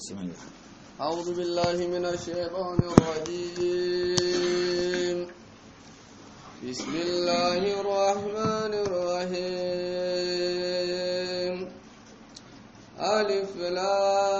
بسم الله أعوذ بالله من الشيطان الرجيم بسم الله الرحمن الرحيم ألف لام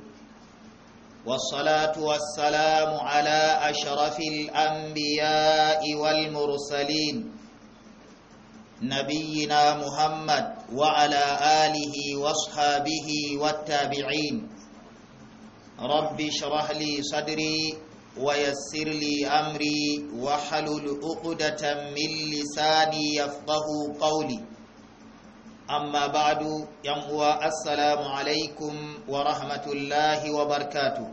والصلاة والسلام على أشرف الأنبياء والمرسلين نبينا محمد وعلى آله واصحابه والتابعين رب اشرح لي صدري ويسر لي أمري وحلل عقدة من لساني يفقه قولي amma ba'du yan uwa assalamu alaikum wa rahmatullahi wa barkatu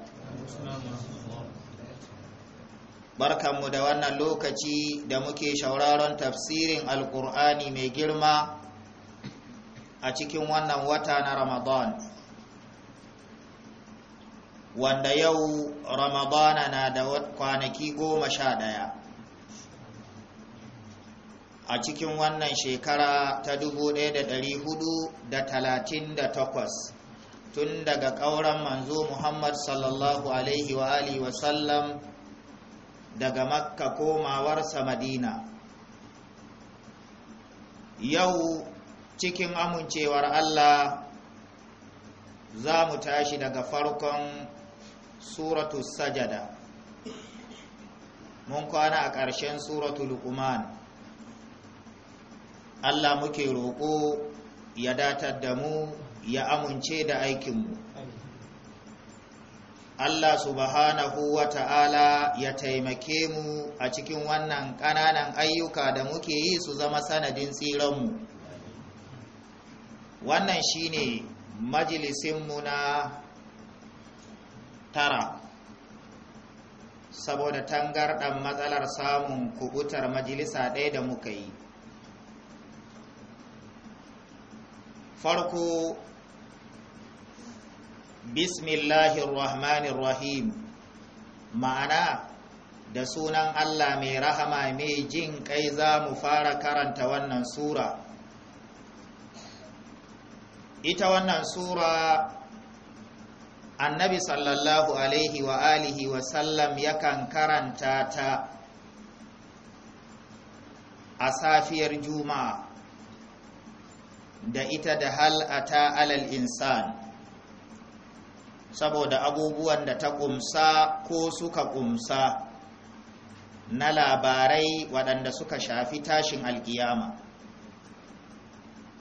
barkanmu da wannan lokaci da muke shauraron tafsirin alkur'ani mai girma a cikin wannan wata na ramadan wanda yau ramadana na da kwanaki goma sha ɗaya a cikin wannan shekara ta 1438 tun daga ƙauren manzo muhammad sallallahu alaihi wa alihi daga makka komawarsa madina yau cikin amincewar allah za mu tashi daga farkon suratu sajada mun kwana a ƙarshen suratu luqman Allah muke roƙo ya datar da mu ya amince da aikinmu Allah subhanahu wa ta'ala ya taimake mu a cikin wannan ƙananan ayyuka da muke yi su zama sanadin tsiranmu wannan shi ne majalisinmu na tara saboda tangarɗan matsalar samun kubutar majalisa ɗaya da muka yi farko bismillahir rahmanir rahim ma'ana da sunan Allah mai rahama mai jin kai za mu fara karanta wannan sura ita wannan sura annabi sallallahu alaihi wa alihi wa sallam yakan karanta ta a safiyar juma'a da ita da hal ata alal insan saboda abubuwan da ta kumsa ko suka kumsa na labarai waɗanda suka shafi tashin alkiyama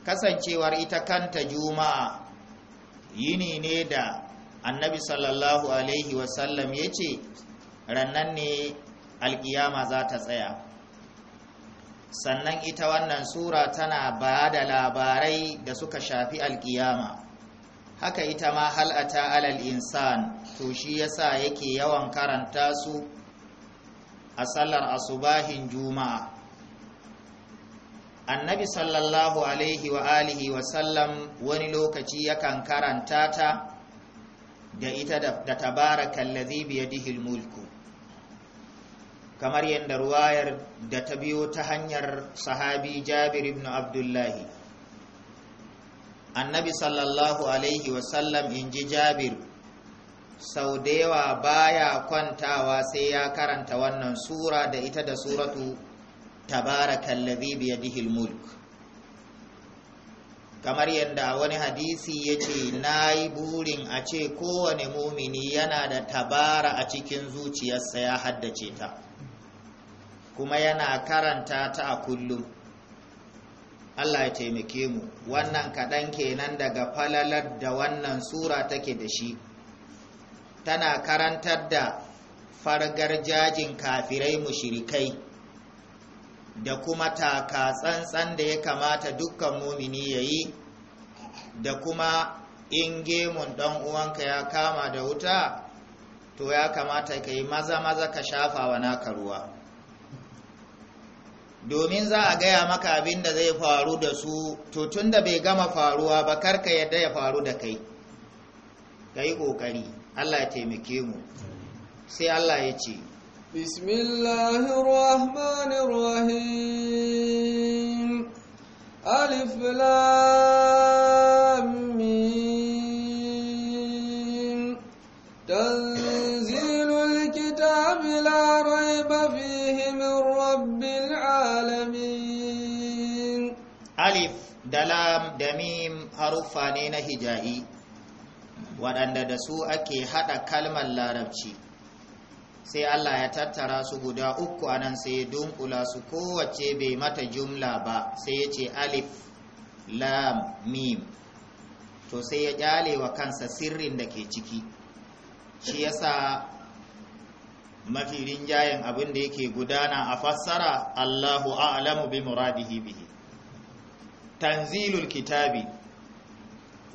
kasancewar ita kanta juma'a yini ne da annabi sallallahu alaihi wasallam ya ce rannan ne alkiyama za ta tsaya sannan ita wannan sura tana ba da labarai da suka shafi alkiyama haka ita ma hal'ata alal insan to shi yasa yake yawan karanta su a sallar asubahin juma'a annabi sallallahu alaihi wa alihi wa sallam wani lokaci yakan karanta ta da ita da tabarakallazi biyadihil mulku kamar yadda ruwayar da ta biyo ta hanyar sahabi jabir ibn abdullahi annabi sallallahu alaihi wasallam in ji jabir sau da yawa baya kwantawa sai ya karanta wannan sura da ita da suratu tabarakallazi dihil mulk kamar yadda wani hadisi ya ce na yi burin a ce kowane mumini yana da tabara a cikin zuciyarsa ya haddace ta kuma yana karanta ta a kullum Allah ya taimake mu wannan kaɗan kenan daga falalar da wannan sura take da shi tana karantar da fargar jajin kafirai mushrikai da kuma taka tsantsan da ya kamata dukkan mumini ya yi da kuma in gemun dan uwanka ya kama da wuta to ya kamata ka yi maza maza ka shafa wa naka ruwa domin za a gaya maka abin da zai faru da su to tun da bai gama faruwa ba karka yadda ya faru da kai ka yi ƙoƙari allah ya taimake mu sai allah ya ce bismillahirrahmanirrahim alif lam haruffa ne na hija'i waɗanda da su ake haɗa kalmar larabci sai Allah ya tattara su guda uku a nan sai ya dunkula su kowace bai mata jumla ba sai ya ce alif lam mim to sai ya ƙyale wa kansa sirrin da ke ciki shi yasa mafi rinjayen abin da yake gudana a fassara Allahu a'lamu bi muradihi bihi tanzilul kitabi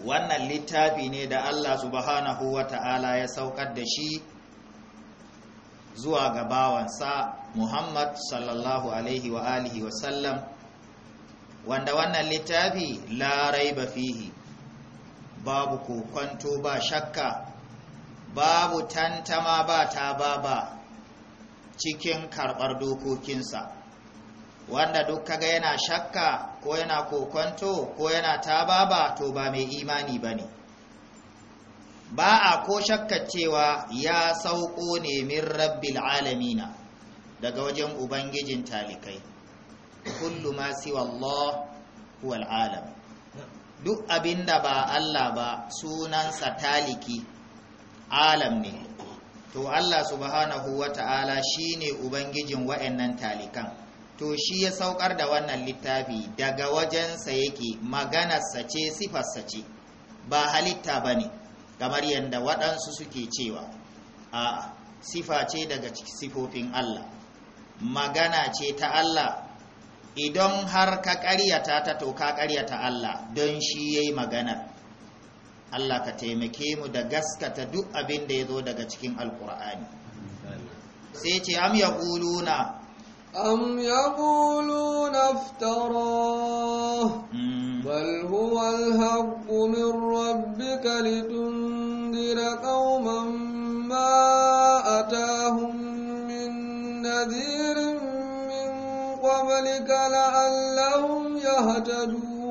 wannan littafi ne da Allah subhanahu wa ta'ala ya saukar da shi zuwa ga bawansa Muhammad sallallahu alaihi wa alihi wa sallam wanda wannan littafi Larai ba fihi babu kokonto ba shakka babu tantama ba ta ba ba cikin karɓar dokokinsa wanda duk kaga yana shakka ko yana kokonto ko yana tababa to ba mai imani ba ne ba a ko shakka cewa ya sauko ne min rabbil alamina daga wajen ubangijin talikai kullu ma siwa Allah huwal alam duk abinda ba Allah ba sunansa taliki alam ne to Allah subhanahu wata'ala shine ubangijin wa'annan talikan to shi ya saukar da wannan littafi daga wajensa yake maganarsa ce sifarsa ce ba halitta ba ne kamar yadda waɗansu suke cewa a sifa ce daga sifofin Allah magana ce ta Allah idan har ka ƙaryata ta to ka ƙaryata Allah don shi ya yi maganar Allah ka taimake mu da gaskata duk abin da ya zo daga cikin alkur'ani sai ce am ya ƙuluna أم يقولون افتراه بل هو الحق من ربك لتنذر قوما ما أتاهم من نذير من قبلك لعلهم يهتدون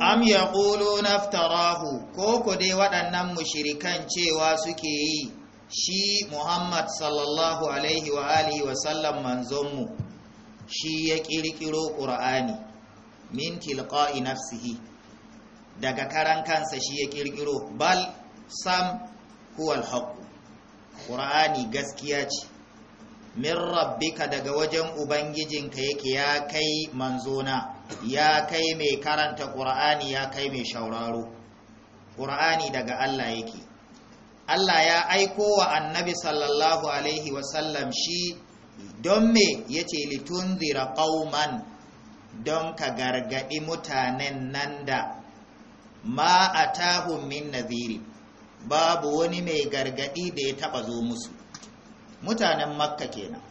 Am ya ƙulo na Ftarahu, ko ku dai waɗannan mashirikan cewa suke yi, shi Muhammad sallallahu manzonmu, shi ya ƙirƙiro ƙur'ani min tilqa'i nafsihi daga karan kansa shi ya ƙirƙiro bal sam huwa alhaq ƙur'ani gaskiya ce min rabbika daga wajen ubangijinka yake ya kai manzona ya kai mai karanta ƙur'ani ya kai mai shauraro ƙur'ani daga Allah yake Allah ya aiko wa annabi sallallahu alaihi wasallam shi don me ya ce zira ƙauman don ka gargaɗi mutanen nan da ma tahun min nadhiri babu wani mai gargaɗi da ya taɓa zo musu mutanen makka kenan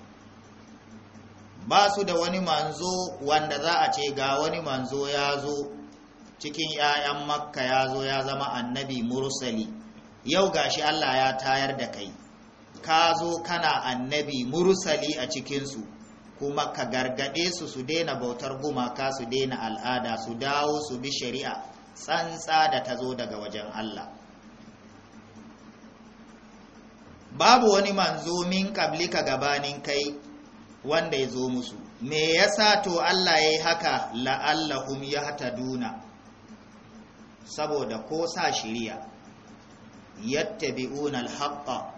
ba su da wani manzo wanda za a ce ga wani manzo ya zo cikin 'ya'yan makka ya zo ya zama annabi mursali yau gashi allah ya tayar da kai ka zo kana annabi mursali a cikinsu kuma ka gargaɗe su su daina bautar gumaka su daina al'ada su dawo su bi shari'a tsantsa da ta zo daga wajen Allah babu wani manzo min kablika gabanin kai wanda ya zo musu me yasa to Allah ya yi haka la'allahum duna saboda ko sa shiriya bi'una al-haqqa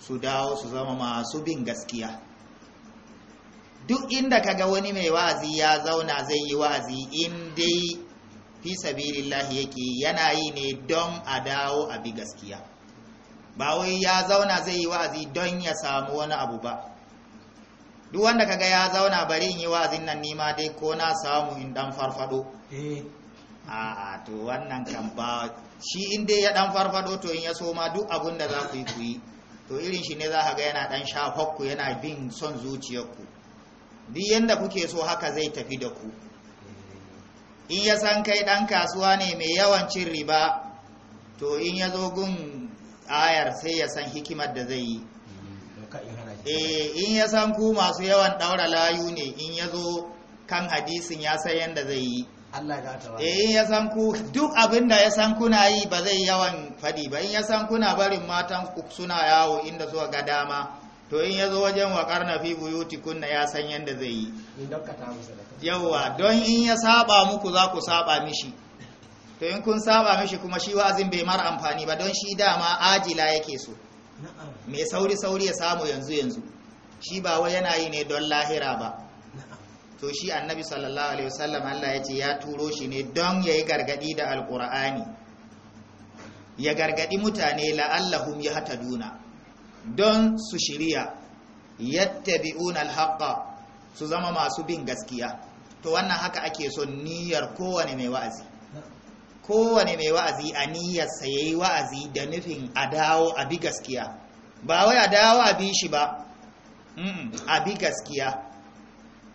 su dawo su zama masu bin gaskiya duk inda kaga wani mai wa'azi ya zauna zai yi wa'azi in dai fi sabilillahi yake yana yi ne don a dawo a bi gaskiya ba wai ya zauna zai yi wa'azi don ya samu wani abu ba duk wanda kaga ya zauna bari in yi wa'azin nan nima dai ko na samu in dan farfado eh. a'a to wannan kan ba shi in dai ya dan farfado to in ya so ma duk abun da za ku yi ku yi to irin shi ne za ka ga yana ɗan shafakku yana bin son zuciyarku duk yadda kuke so haka zai tafi da ku in ya san kai ɗan kasuwa ne mai yawan cin riba to in ya zo gun ayar sai ya san hikimar da zai yi eh, in ya san ku masu yawan ɗaura layu ne in ya zo kan hadisin ya san yadda zai yi Eh, in ya san ku duk abin da ya san kuna yi ba zai yawan faɗi ba in ya san kuna barin matan ku suna yawo inda suka ga dama to in ya zo wajen wa karna fi buyuti kunna ya san yadda zai yi yawwa don in ya saba muku za ku saba mishi to in kun saba mishi kuma shi wa'azin bai mara amfani ba don shi dama ajila yake so mai sauri sauri ya samu yanzu yanzu shi ba wai yana yi ne don lahira ba to shi annabi sallallahu alaihi wasallam Allah ya ce ya turo shi ne don ya yi gargadi da alkur'ani ya gargadi mutane la'allahum ya hata duna don su shirya yattabi'una alhaqqa su zama masu bin gaskiya to wannan haka ake son niyyar kowane mai wa'azi kowane mai wa'azi a niyyarsa ya yi wa'azi da nufin a dawo a bi gaskiya ba wai a dawo a bi shi ba a bi gaskiya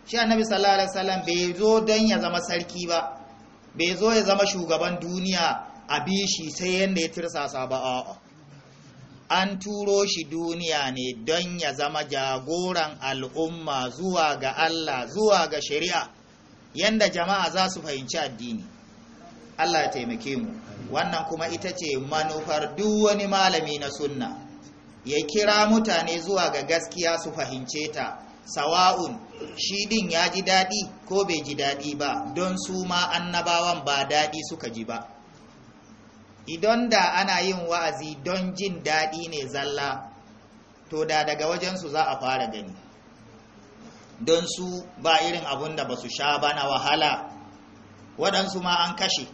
shi annabi sallallahu alaihi wasallam bai zo don ya zama sarki ba bai zo ya zama shugaban duniya a bishi sai yanda ya tirsasa ba an turo shi duniya ne don ya zama jagoran al'umma zuwa ga Allah zuwa ga shari'a yanda jama'a za su fahimci addini Allah ya taimake mu wannan kuma ita ce manufar duk wani malami na sunna ya kira mutane zuwa ga gaskiya su fahimce ta sawa'un shi din ya ji daɗi ko bai ji daɗi ba don su ma annabawan ba daɗi suka ji ba idan da ana yin wa'azi don jin daɗi ne zalla to da daga wajensu za a fara gani don su ba irin abun da ba su sha ba na wahala waɗansu ma an kashe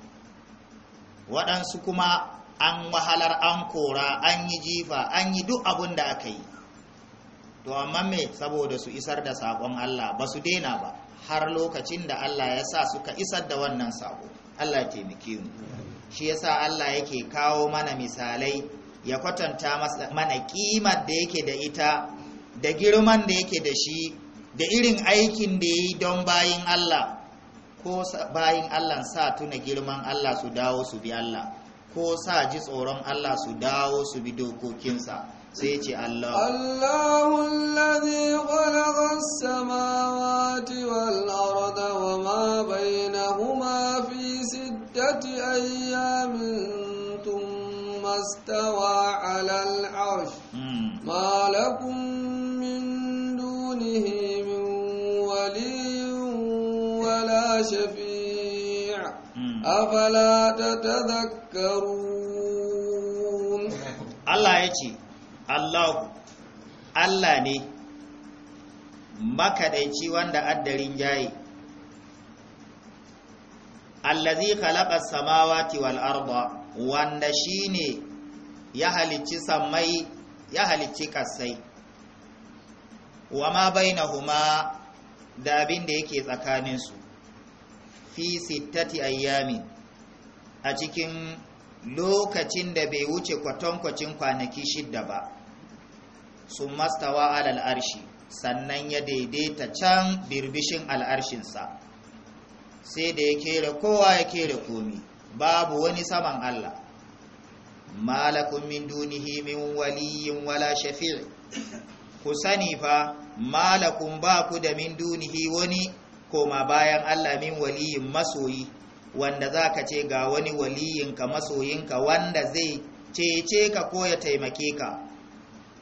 waɗansu kuma an wahalar an kora an yi jifa an yi duk abun da aka yi to amma me saboda su isar da sakon Allah ba su daina ba har lokacin da Allah ya sa suka isar da wannan sako Allah ya taimake mu shi yasa Allah yake kawo mana misalai ya kwatanta mana kimar da yake da ita da girman da yake da shi da irin aikin da yi don bayin Allah ko bayin Allah sa tuna girman Allah su dawo su bi Allah ko sa ji tsoron Allah su dawo su bi dokokinsa sai ce Allah Allahu alladhi khalaqa as-samawati wal arda wa ma bainahuma fi sittati ayyamin thumma istawa 'ala al-'arsh hmm. ma lakum min dunihi min waliyyin wala shafi' hmm. afala tatadhakkarun Allah ya ce Allahu Allah ne makaɗaici wanda addarin jaye allazi khalaqa samawati wal arda wanda shine ya halicci sammai ya halicci kasai wa ma bainahuma da abin da yake tsakanin su fi sittati ayyamin a cikin lokacin da bai wuce kwatankwacin kwanaki shidda ba sun mastawa alal arshi sannan ya daidaita can birbishin al'arshinsa sai da ya kere kowa ya kere komi babu wani saman Allah malakun min dunihi min waliyin wala shafi'i ku sani fa malakun ba ku da min dunihi wani koma bayan Allah min waliyin masoyi wanda za ka ce ga wani waliyinka masoyinka wanda zai cece ka ko ya taimake ka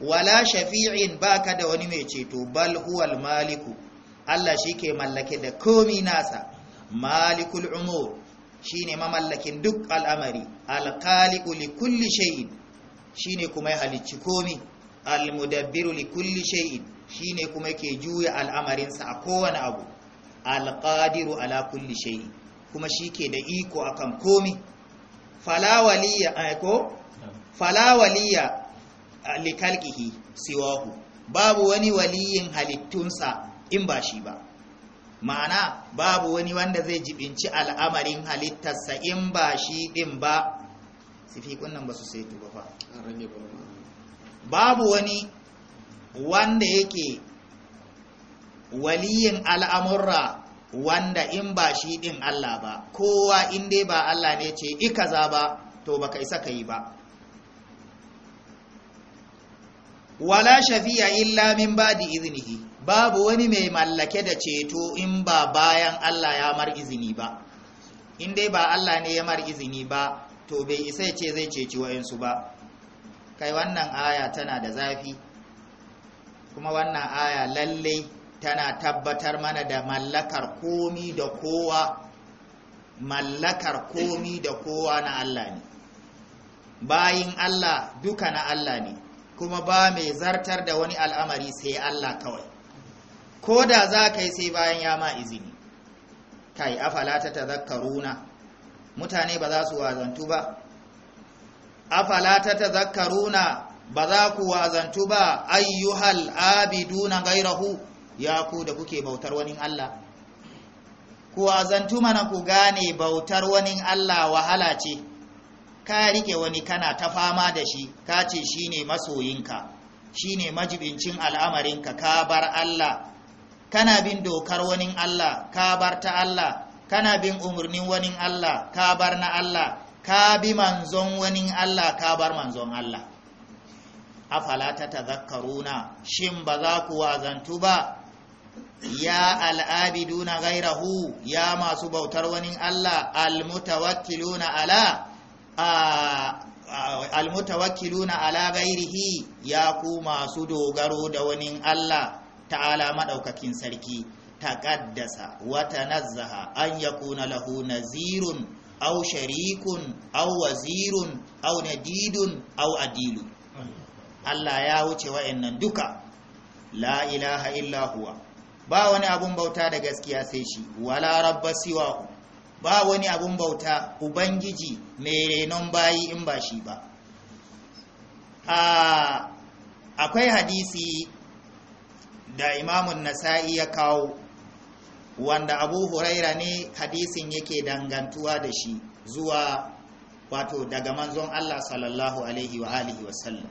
wala shafi'in baka da wani mai ceto bal huwal maliku Allah shi ke mallake da komi nasa malikul umur shine mamallakin duk al'amari alqaliqu li kulli shay'in shine kuma ya halicci komi almudabbiru li kulli shay'in shine kuma yake juya al'amarinsa a kowane abu alqadiru ala kulli shay'in kuma shi ke da iko akan komi fala waliya eh, ko fala waliya likalqihi siwahu babu wani waliyin halittunsa in ba shi ba ma'ana babu wani wanda zai jibinci al'amarin halittarsa in ba shi din ba sifikun nan ba su sai tuba fa babu wani wanda yake waliyin al'amurra wanda in ba shi din Allah ba kowa in dai ba Allah ne ce ikaza ba to baka isa ka yi ba wala shafiya illa min ba'di iznihi babu wani mai mallake da ceto in ba bayan Allah ya mar izini ba in dai ba Allah ne ya mar izini ba to bai isa ce zai ceci wayansu ba kai wannan aya tana da zafi kuma wannan aya lalle tana tabbatar mana da mallakar komi da kowa mallakar komi da kowa na Allah ne bayin Allah duka na Allah ne kuma ba mai zartar da wani al'amari sai Allah kawai ko da za ka yi sai bayan ya ma izini kai afala ta tazakkaruna mutane ba za su wazantu ba afala ta tazakkaruna ba za ku wazantu ba ayyuhal abiduna gairahu ya ku da kuke bautar wani Allah ku wazantu mana ku gane bautar wani Allah wahala ce ka rike wani kana ta fama da shi ka ce shi ne masoyinka shi ne majibincin al'amarinka ka bar Allah kana bin dokar wani Allah ka bar ta Allah kana bin umarnin wani Allah ka bar na Allah ka bi manzon wani Allah ka bar manzon Allah afala ta tazakkaruna shin ba za ku wazantu ba ya na gairahu ya masu bautar wani Allah na ala almutawakkiluna ala gairihi ya ku masu dogaro da wani Allah ta'ala madaukakin sarki taqaddasa wa tanazzaha an yakuna lahu nazirun aw sharikun au wazirun aw nadidun au adilu Allah ya wuce wa'annan duka la ilaha illa ba wani abun bauta da gaskiya sai shi wala rabba siwahu ba wani abun bauta ubangiji mai renon bayi in ba shi ba akwai hadisi da imamun nasa'i ya kawo wanda abu huraira ne hadisin yake dangantuwa da shi zuwa wato daga manzon allah sallallahu alaihi wa alihi wasallam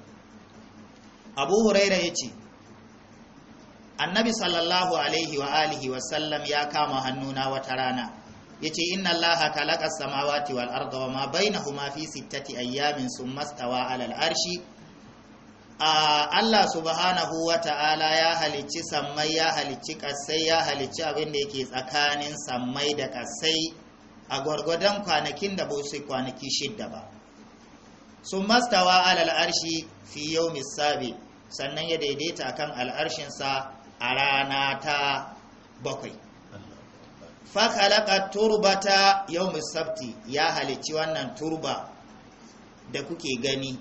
abu huraira ya ce annabi sallallahu alaihi wa alihi wasallam ya kama hannuna wata rana yace inna allaha khalaqa samawa samawati wal arda wa ma bainahuma fi sittati ayyamin summa stawa alal arshi Allah subhanahu wa ta'ala ya halicci sammai ya halicci kasai ya halicci abin da yake tsakanin sammai da kasai a gwargwadon kwanakin da ba su kwanaki shidda ba sun mastawa alal arshi fi yau misabi sannan ya daidaita kan al'arshinsa a rana ta bakwai fakalaka turbata yau musabti ya halicci wannan turba da kuke gani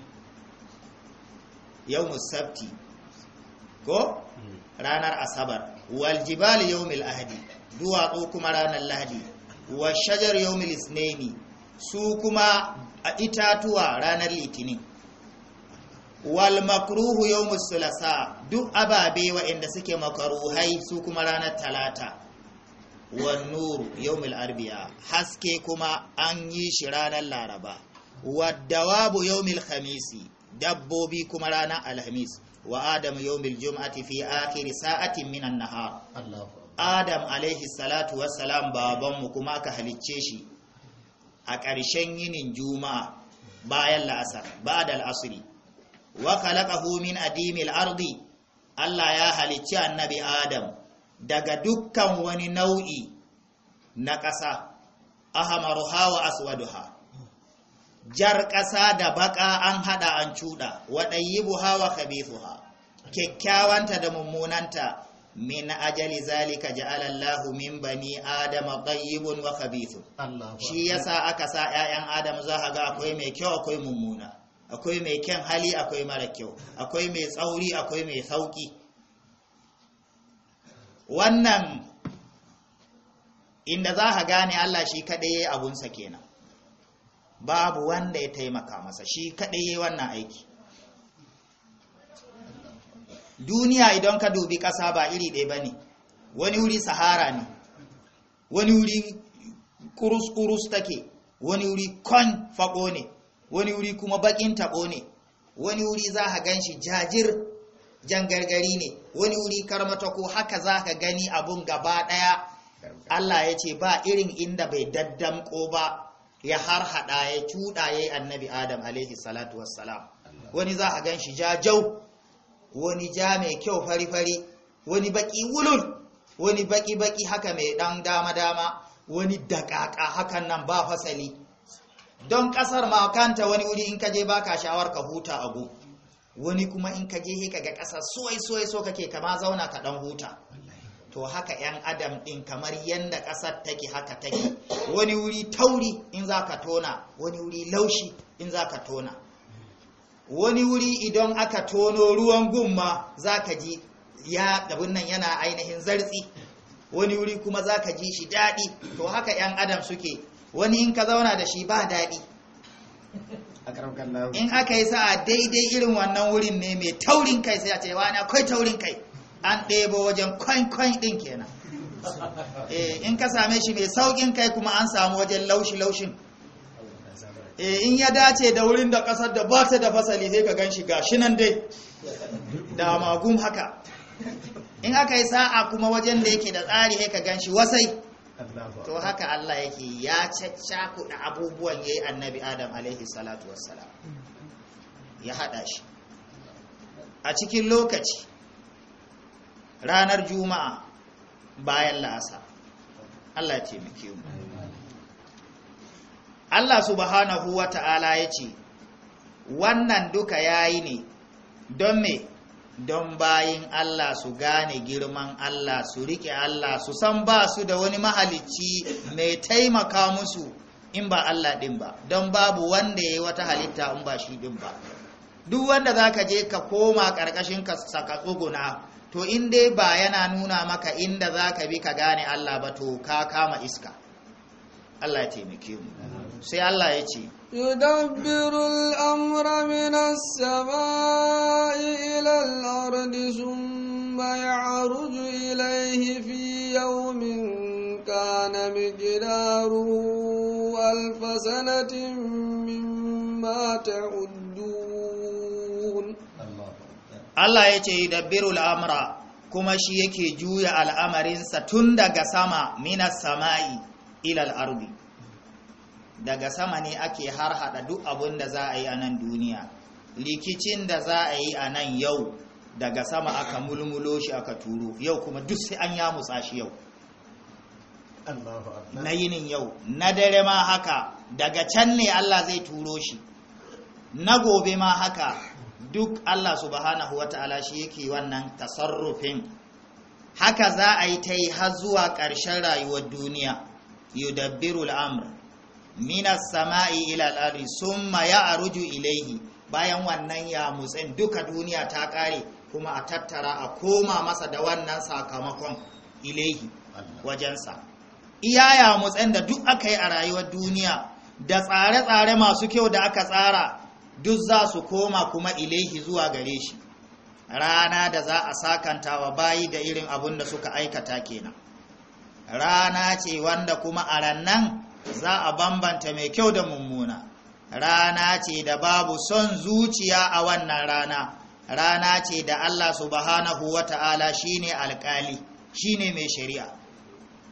yau musabti ko hmm. ranar asabar yau yawmil ahadi duwatsu kuma ranar lahadi wa shajar yawmil su kuma a itatuwa ranar litinin wal makruhu yawmus duk ababe waɗanda suke makaruhai su kuma ranar talata wan nuru yawmil arbi'a haske kuma an yi shi ranar laraba waddawabu yawmil khamisi dabbobi kuma ranar alhamis wa adam yawmil jum'ati fi akhir sa'atin minan nahar adam alaihi babanmu kuma aka halicce shi a ƙarshen yinin juma'a bayan la'asar ba'da al'asri wa khalaqahu min adimil ardi Allah ya halicci annabi Adam daga dukkan wani nau'i na ƙasa ahamaruha wa aswaduha jar ƙasa da baƙa an haɗa an cuɗa buha wa kabifuha kyakkyawanta da mummunanta min ajali zalika ja'ala Allah min bani adama tayyibun wa khabithun shi yasa aka sa 'ya'yan adam za ga akwai mai kyau akwai mummuna akwai mai kyan hali akwai mara kyau akwai mai tsauri akwai mai sauki wannan inda za ka gane Allah shi kaɗai ya abunsa kenan babu wanda ya taimaka masa shi kaɗai ya wannan aiki duniya idan ka dubi ƙasa ba iri ɗaya ba ne wani wuri sahara ne wani wuri kurus-kurus take wani wuri kon faɓo ne wani wuri kuma baƙin taɓo ne wani wuri za a gan shi jajir jangargari ne wani wuri karmata ko haka za ka gani abun gaba ɗaya Allah ya ce ba irin inda bai daddamko ba ya har hada ya cuda ya yi annabi adam alaihi salatu wassalam wani za a gan shi jajau wani ja mai kyau fari-fari wani baki wulul wani baki-baki haka mai ɗan dama-dama wani daƙaƙa hakan nan ba fasali don ƙasar ma kanta wani wuri in kaje baka shawar ka huta a abu wani kuma in ka je ka ga ƙasa suwai suwai so kake kama zauna ka ɗan huta to haka 'yan adam ɗin kamar yadda ƙasar take haka take wani wuri tauri in za ka tona wani wuri laushi in za ka tona wani wuri idan aka tono ruwan gumma za ka ji ya ɗabin nan yana ainihin zartsi wani wuri kuma za ka ji shi daɗi to haka 'yan adam suke wani in ka zauna da shi ba daɗi in aka yi sa'a daidai irin wannan wurin ne mai taurin kai sai a ce wani akwai taurin kai an ɗebo wajen kwankwan ɗin kenan eh, in ka same shi mai saukin kai kuma an samu wajen laushi-laushin eh, in ya dace da wurin da ƙasar da ba ta da fasali sai ka gan shi shi nan dai da magum haka in aka yi sa'a kuma wajen da yake da tsari sai ka gan shi wasai to haka Allah yake ya da abubuwan yayi annabi Adam alaihi salatu wassalam ya hada shi a cikin lokaci ranar juma'a bayan la'asa Allah ya taimake mu Allah subhanahu wa ta'ala ya ce wannan duka yayi ne don me don bayin Allah su gane girman Allah su rike Allah su san ba su da wani mahalicci mai taimaka musu in ba Allah din ba don babu wanda ya yi wata halitta in ba shi din ba duk wanda za ka je ka koma ƙarƙashin ka saka tsuguna to in dai ba yana nuna maka inda za ka bi ka gane Allah ba to ka kama iska Allah ya taimake mu sai Allah ya ce yudabbiru Amra minas sama'i ila al-ardi thumma ya'ruju ilayhi fi yawmin kana miqdaruhu alfasanatin mimma ta'uddun Allah ya ce yudabbiru Amra kuma shi yake juya al'amarinsa tun daga sama minas sama'i ila ardi daga sama ne ake har hada duk abin da za a yi a nan duniya likicin da za a yi a nan yau daga sama aka mulmulo shi aka turo yau kuma duk sai an ya musa shi yau na yinin yau na dare ma haka daga can ne Allah zai turo shi na gobe ma haka duk Allah subhanahu ta'ala shi yake wannan tasarrufin haka za a yi ta yi har zuwa ƙarshen rayuwar duniya yudabbiru amr minas sama'i ila maya a ya'ruju ilaihi bayan wannan ya mutsin duka duniya ta kare kuma a tattara a koma masa da wannan sakamakon ilaihi wajensa iya ya mutsin da duk aka yi a rayuwar duniya da tsare-tsare masu kyau da aka tsara duk za su koma kuma ilaihi zuwa gare shi rana da za a sakanta wa bayi da irin abun da suka aikata kenan rana ce wanda kuma a rannan za a bambanta mai kyau da mummuna rana ce da babu son zuciya a wannan rana rana ce da Allah subhanahu wa ta'ala shine alkali shine mai shari'a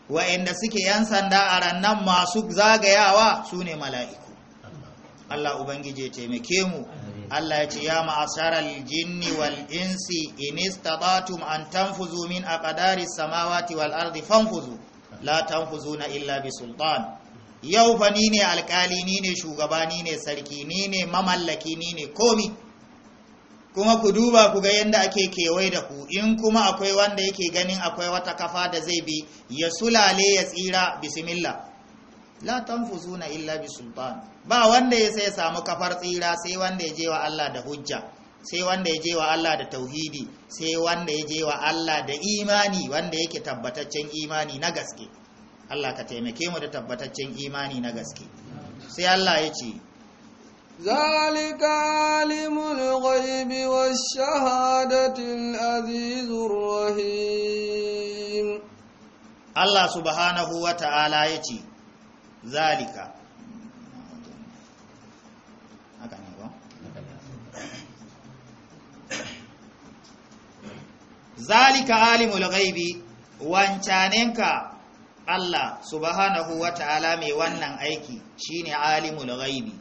wa'inda suke yan sanda a rannan masu zagayawa su ne mala'iku Allah Ubangiji taimake mu Allah ya ce ya ma'asharar jinni wal insi inistabatum an tanfuzu min aqdari samawati wal ardi fanfuzu la tanfuzuna illa bi sultan yau fa ni ne alkali ni ne shugaba ni ne sarki ni ne mamallaki ni ne komi kuma ku duba ku ga yadda ake kewaye da ku in kuma akwai wanda yake ganin akwai wata kafa da zai bi ya sulale ya tsira bismillah la na illa bi sultan ba wanda ya sai samu kafar tsira sai wanda ya je wa Allah da hujja sai wanda ya je wa Allah da tauhidi sai wanda ya je wa Allah da imani wanda yake tabbataccen imani na gaske Allah ka taimake mu da tabbataccen imani na gaske sai Allah ya ce zalika alimul ghaibi wash shahadatil azizur rahim Allah subhanahu wata'ala ya ce zalika zalika alimul ghaibi wancanenka Allah subhanahu wa ta'ala mai wannan aiki shine alimul ghaibi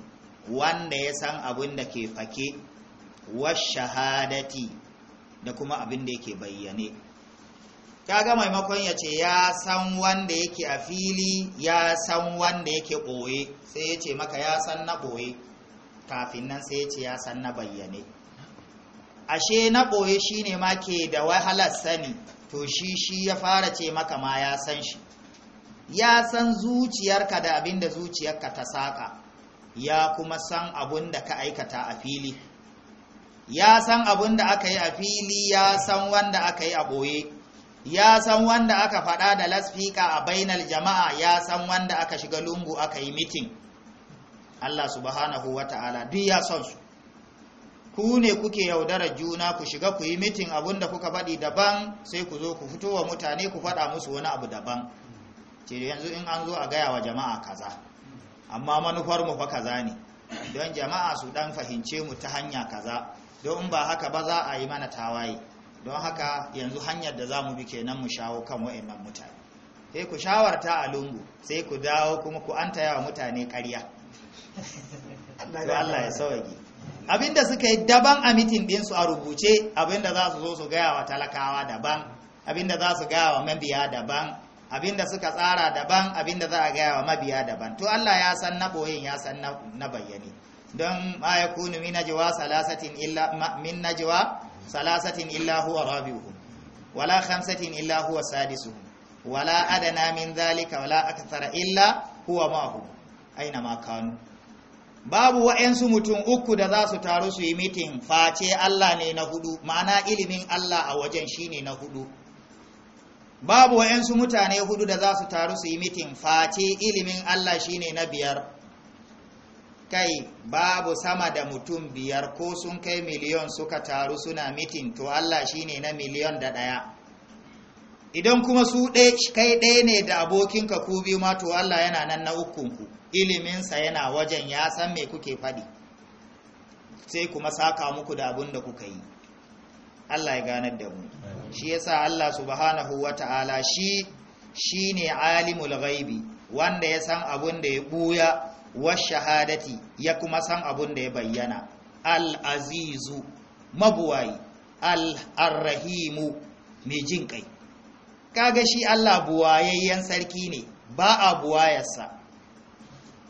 wanda ya san abin da ke fake shahadati da kuma abin da yake bayyane kaga maimakon ya ce ya san wanda yake a fili ya san wanda yake ɓoye sai ya ce maka ya san na ɓoye kafin nan sai ya ce ya san na bayyane ashe na ɓoye shine ma ke da wahalar sani to shi shi ya fara ce maka ma ya san shi ya san zuciyarka da abin da zuciyarka ta saka ya kuma san abin da ka aikata a fili ya san abin da aka yi a fili ya san wanda aka yi a ɓoye ya san wanda aka faɗa da lasfika a bainal jama'a ya san wanda aka shiga lungu aka yi mitin Allah subhanahu wa ta'ala duk ya son su ku ne kuke yaudarar juna ku shiga ku yi mitin abun da kuka faɗi daban sai ku zo ku fito wa mutane ku faɗa musu wani abu daban ce yanzu in an zo a gaya wa jama'a kaza amma manufar mu fa kaza ne don jama'a su dan fahimce mu ta hanya kaza don ba haka ba za a yi mana tawaye don haka yanzu hanyar da za mu bi kenan mu shawo kan wa'annan mutane sai ku shawarta a lungu sai ku dawo kuma ku an yawa mutane ƙarya Allah ya sauki abinda suka yi daban a mitin su a rubuce abinda za su zo su gaya wa talakawa daban abinda za su gaya wa mabiya daban abinda suka tsara daban abinda za a gaya wa mabiya daban to Allah ya san na boyin ya san na bayyane don ma ya kunu min najwa salasatin illa min najwa salasatin illa huwa rabiuhum wala khamsatin illa huwa sadisu wala adana min zalika wala akthara illa huwa mahu aina ma kanu babu wa'yansu mutum uku da za su taru su yi mitin face Allah ne na hudu ma'ana ilimin Allah a wajen shine na hudu babu wa'yansu mutane hudu da za su taru su yi mitin face ilimin Allah shine na biyar kai babu sama da mutum biyar ko sun kai miliyon suka taru suna mitin to Allah shine na miliyon da ɗaya idan kuma su kai ɗaya ne da abokinka ku biyu ma to Allah yana nan na ukunku iliminsa yana wajen ya san me kuke faɗi sai kuma saka muku da abin da kuka yi Allah ya ganar da mu shi yasa Allah subhanahu wata'ala shi ne alimul ghaibi wanda ya san abun da ya buya wa shahadati ya kuma san abun da ya bayyana al-azizu mabuwayi al-rahimu mai jin kai kaga shi Allah buwayayyen sarki ne ba a buwayarsa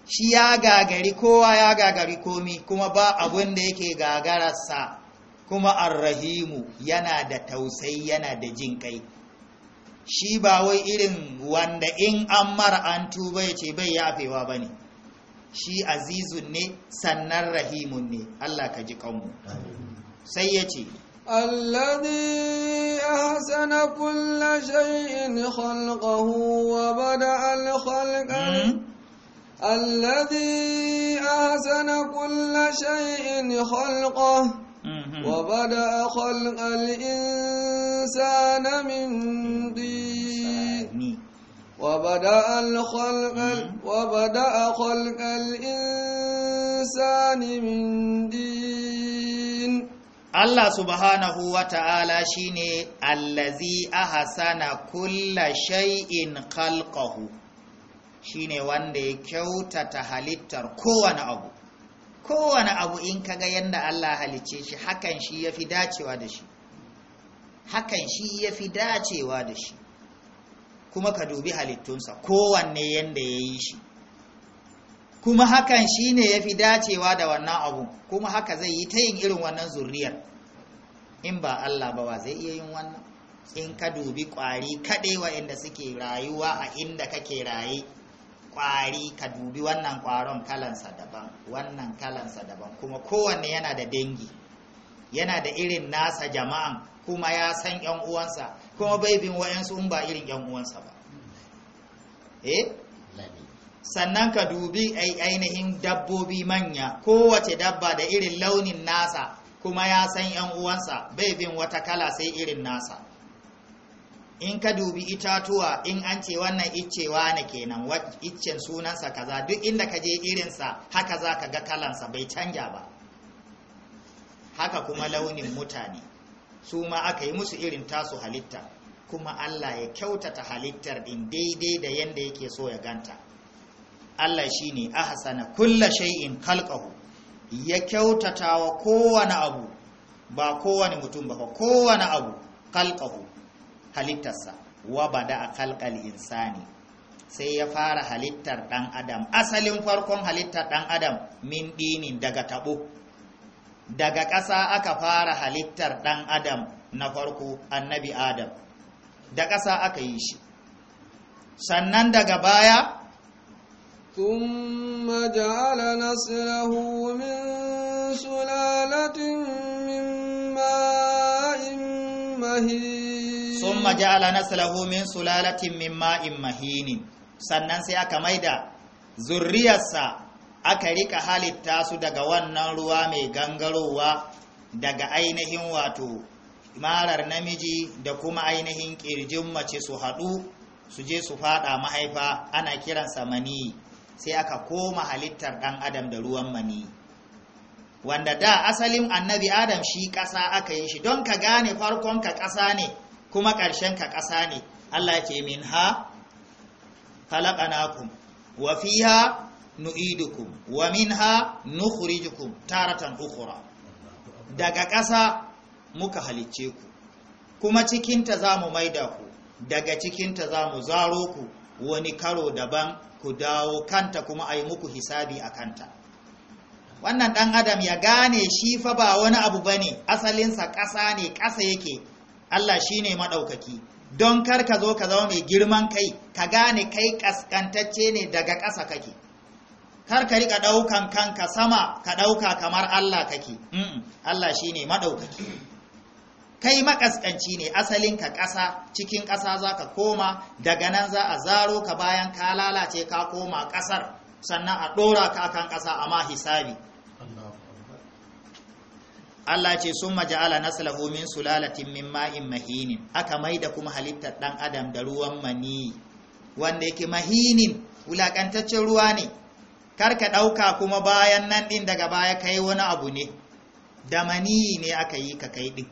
shi ya gagari kowa ya gagari komi kuma ba abun da yake gagararsa kuma arrahimu yana da tausayi yana da jin kai shi ba wai irin wanda in an mara an tuba ya ce bai yafewa ba ne shi azizun ne sannan rahimun ne Allah ka ji kanmu sai ya ce الذي أحسن كل شيء خلقه وبدأ الخلق الذي أحسن كل شيء خلقه وبدأ خلق الإنسان من طين وبدأ الخلق وبدأ خلق الإنسان من دين Allah subhanahu wa ta'ala shi ne allazi ahasana kulla shay'in khalqahu shi ne wanda ya kyautata halittar kowane abu kowane abu in ka ga yadda Allah halicce shi hakan shi ya fi dacewa da shi hakan shi ya fi dacewa da shi kuma ka dubi halittunsa kowanne yadda ya yi shi kuma hakan shi ne ya fi dacewa da wannan abu kuma haka zai yi ta yin irin wannan zurriyar in ba Allah ba wa zai iya yin wannan in ka dubi kwari kaɗewa inda suke rayuwa a inda kake raye kwari ka dubi wannan kwaron kalansa daban wannan kalansa daban kuma kowanne yana da dangi yana da irin nasa jama'an kuma ya san yan uwansa kuma bai bin wayansu in ba irin yan uwansa ba eh? sannan ka dubi ainihin dabbobi manya kowace dabba da irin launin nasa kuma ya san yan uwansa bai bin wata kala sai irin nasa in ka dubi itatuwa in an ce wannan iccewa na kenan iccen sunansa kaza duk inda ka je irinsa haka za ka ga kalansa bai canja ba haka kuma launin mutane su ma aka yi musu irin tasu halitta kuma Allah ya kyautata halittar din daidai da yadda yake so ya ganta Allah shi ne ahsana kulla shay'in kalkahu ya kyautata wa kowane abu ba kowane mutum ba kowane abu kalkahu halittarsa wa bada a kalkal insani sai ya fara halittar ɗan adam asalin farkon halittar ɗan adam min ɗinin daga taɓo daga ƙasa aka fara halittar ɗan adam na farko annabi adam da ƙasa aka yi shi sannan daga baya ثم جعل نسله من سلالة من ماء مهين thumma ja'ala naslahu min sulalatin min ma'in mahini sannan sai aka maida zurriyarsa aka rika halitta su daga wannan ruwa mai gangarowa daga ainihin wato marar namiji da kuma ainihin kirjin mace su haɗu su je su faɗa mahaifa ana kiransa mani sai aka koma halittar ɗan adam da ruwan mani wanda da asalin annabi adam shi ƙasa aka yi shi don ka gane farkon ka ƙasa ne kuma ƙarshen ka ƙasa ne Allah ke min ha khalaqanakum wa fiha nu'idukum wa minha nukhrijukum taratan ukhra daga ƙasa muka halicce ku kuma cikinta za mu maida ku daga cikinta za mu zaro ku wani karo daban ku dawo kanta kuma a yi muku hisabi a kanta wannan ɗan adam ya gane shi fa ba wani abu bane ne asalinsa ƙasa ne ƙasa yake Allah shi ne maɗaukaki. don kar ka zo ka zama mai girman kai ka gane kai ƙasƙantacce ne daga ƙasa kake kar ka riƙa ɗaukan kanka sama ka ɗauka kamar Allah kake Allah shi ne maɗaukaki. kai maƙasƙanci ne asalin ka ƙasa cikin ƙasa za ka koma daga nan za a zaro ka bayan ka lalace ka koma ƙasar sannan a ɗora ka kan ƙasa amma hisabi Allah ce sun maja'ala na min sulalatin min ma'in mahinin aka mai da kuma halittar ɗan adam da ruwan mani wanda yake mahinin wulaƙantaccen ruwa ne karka ɗauka kuma bayan nan ɗin daga baya kai wani abu ne da mani ne aka yi ka kai ɗin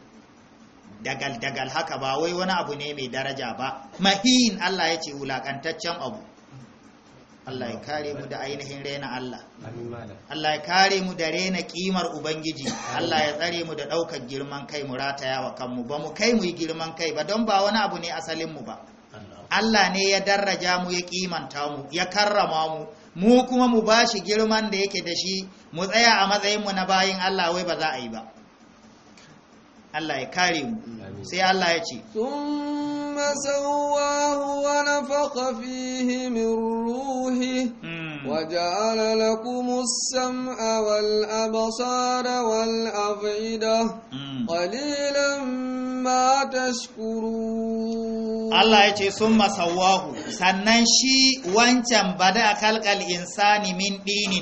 dagal dagal haka ba wai wani abu ne mai daraja ba mahin Allah ya ce wulaƙantaccen abu Allah ya kare mu da ainihin rena Allah Allah ya kare mu da rena kimar ubangiji Allah ya tsare mu da ɗaukar girman kai mu rataya wa kanmu ba mu kai mu yi girman kai ba don ba wani abu ne asalin mu ba Allah ne ya daraja mu ya kimanta mu ya karrama mu mu kuma mu ba shi girman da yake da shi mu tsaya a matsayin mu na bayin Allah wai ba za a yi ba Allah ya kare mu sai Allah ya ce فسواه ونفخ فيه من روحه وجعل لكم السمع والأبصار والأفئدة قليلا ما تشكرون الله يجي ثم سواه سننشي وانتم بدأ خلق الإنسان من دين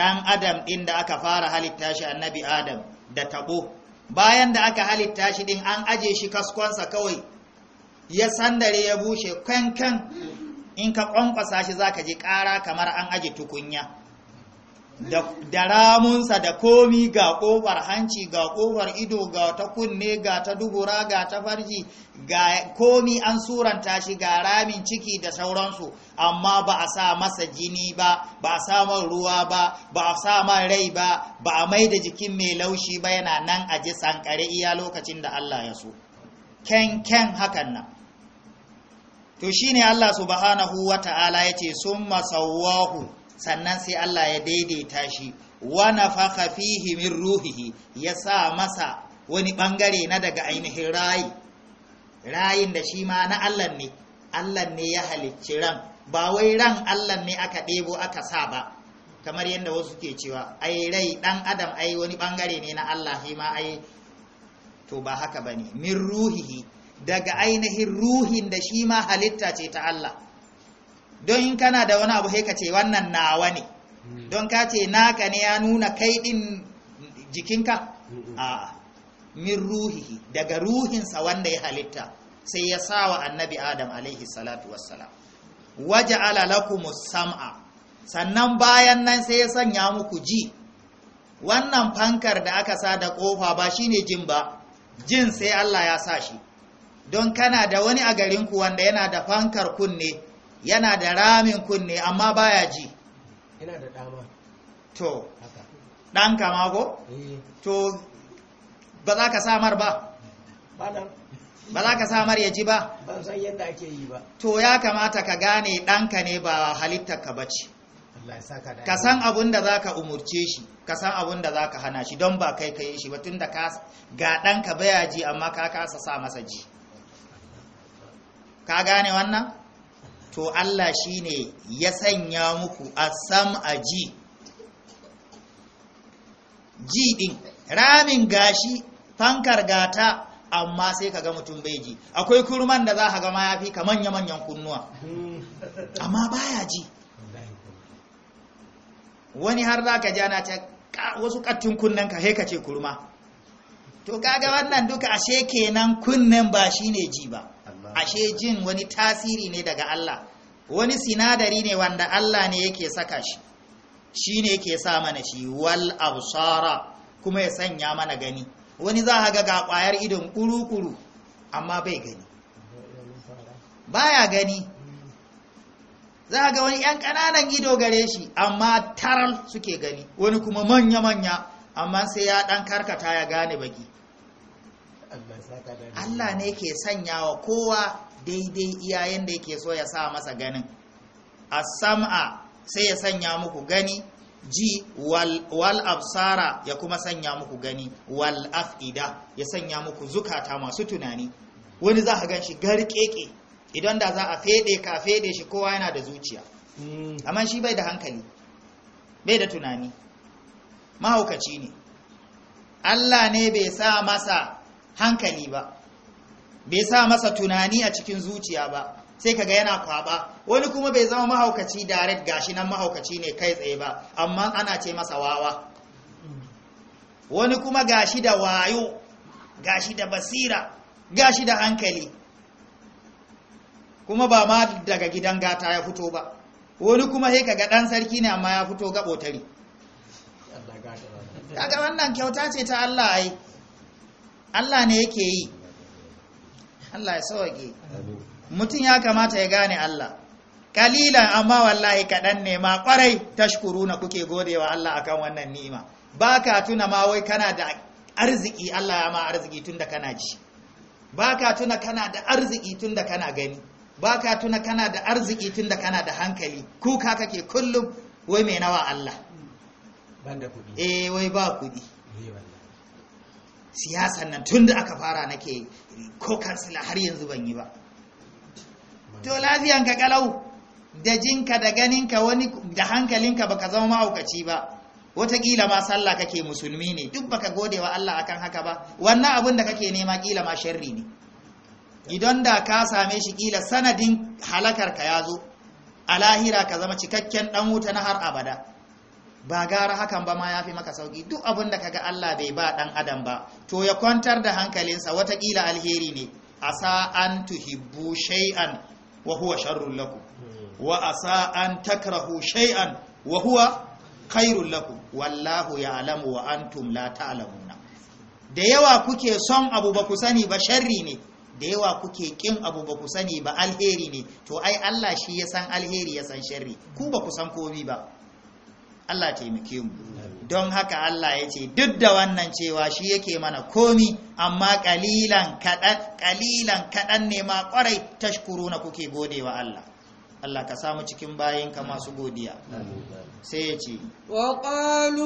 ɗan adam ɗin da aka fara halitta shi annabi adam da tabo bayan da aka halitta shi ɗin an aje shi kaskonsa kawai ya sandare ya bushe kanken in ka kwankwasa shi za ka ji ƙara kamar an aji tukunya da ramunsa da komi ga ƙofar hanci ga ƙofar ido ga ta kunne ga ta dubura ga ta farji ga komi an suranta shi ga ramin ciki da sauransu amma ba a sa masa jini ba ba a sa man ruwa ba ba a sa man rai ba ba a mai da jikin mai laushi ba yana nan a ji sankare iya lokacin da Allah ya so ken hakan nan to shine Allah subhanahu wa ta'ala yace "Sun sawwahu sannan sai Allah ya daidaita shi wa nafakha fihi min ruhihi ya sa masa wani bangare na daga ainihin rayi rayin da shi ma na Allah ne Allah ne ya halicci ran ba wai ran Allah ne aka ɗebo aka sa ba kamar yadda wasu ke cewa ai rai ɗan adam ai wani bangare ne na Allah shi ma ai to ba haka bane min ruhihi daga ainihin ruhin da shi ma halitta ce ta Allah don in kana da wani abu sai ka ce wannan nawa ne hmm. don ka ce naka ne ya nuna kai din jikinka hmm. a min ruhi daga ruhinsa wanda ya halitta sai ya sa wa annabi adam alaihi salatu wassalam waje lakumus sam'a sannan bayan nan sai ya sanya muku ji wannan fankar da aka sa da kofa ba shine jin ba jin sai Allah ya sa shi don kana da wani a garinku wanda yana da fankar kunne yana da ramin kunne amma baya ji yana da dama to dan kama go eh. to ba za ka samar ba ba za ka samar ya ji ba ban san yadda ake yi ba to ya kamata ka gane ɗanka ne ba halittar ka bace. ka san abin da za ka umurce shi ka san abin da za ka hana shi don ba kai ka yi shi ba tun da ga ɗanka baya ji amma ka kasa sa masa ji ka gane wannan to Allah shi ne ya sanya muku a sam a ji ji din ramin gashi fankar gata amma sai ka ga mutum bai ji akwai kurman da za ka ga ma ya fi ka manya-manyan kunnuwa hmm. amma baya ji wani har za ka jana ce wasu kattun kunnen ka haika ce kurma to kaga wannan duka ashe kenan kunnen ba shine ji ba ashe jin wani tasiri ne daga Allah wani sinadari ne wanda Allah ne yake saka shi shi ne yake sa mana shi wal absara kuma ya sanya mana gani wani za ga ga kwayar idon kuru-kuru amma bai gani baya gani za ga wani yan ƙananan ido gare shi amma taral suke gani wani kuma manya-manya amma sai ya ɗan karkata ya gane baki Allah ne ke sanya wa kowa daidai iyayen da yake so ya sa masa ganin as-sam'a sai ya sanya muku gani ji wal, absara ya kuma sanya muku gani wal afida ya sanya muku zukata masu tunani wani za a gan shi garkeke idan da za a fede ka fede shi kowa yana da zuciya mm. amma shi bai da hankali bai da tunani mahaukaci ne Allah ne bai sa masa hankali ba bai sa masa tunani a cikin zuciya ba sai kaga yana kwaba wani kuma bai zama mahaukaci direct gashi nan mahaukaci ne kai tsaye ba amma ana ce masa wawa wani kuma gashi da wayo gashi da basira gashi da hankali kuma ba ma daga gidan gata ya fito ba wani kuma sai kaga dan sarki ne amma ya fito gabotari kaga wannan kyauta ce ta Allah ai Allah ne yake yi Allah ya sauke mutum ya kamata ya gane Allah kalilan amma wallahi kaɗan ne ma ƙwarai na kuke godewa Allah akan wannan ni'ima ba ka tuna ma wai kana da arziki Allah ya ma arziki tun da kana ji ba ka tuna kana da arziki tun da kana gani ba ka tuna kana da arziki tun da kana da hankali kuka kake kullum wai mai nawa Allah eh wai ba kuɗi siyasan nan tun da aka fara nake ko kansila har yanzu ban yi ba to lafiyanka kalau da jinka da ganinka wani da hankalinka baka zama ma'aukaci ba wataƙila ma sallah kake musulmi ne duk baka gode wa Allah akan haka ba wannan abun da kake nema ƙila ma sharri ne idan da ka same shi ƙila sanadin halakarka ya zo a lahira ka zama cikakken ɗan wuta na har abada ba gara hakan ba ma ya fi maka sauki duk abin da kaga Allah bai ba dan adam ba to ya kwantar da hankalinsa watakila alheri ne asa an tuhibbu shay'an wa huwa sharrul lakum hmm. wa asa an takrahu shay'an wa huwa khairul lakum wallahu ya'lamu wa antum la ta'lamuna da yawa kuke son abu ba ku sani ba sharri ne da yawa kuke kin abu ba ku sani ba alheri ne to ai Allah shi ya san alheri ya san sharri ku ba ku san komai ba Allah taimake mu don haka Allah ya ce duk da wannan cewa shi yake mana komi amma kalilan kaɗan kalilan kaɗan ne ma kwarai tashkuru na kuke gode wa Allah Allah ka samu cikin bayinka masu godiya sai ya ce wa qalu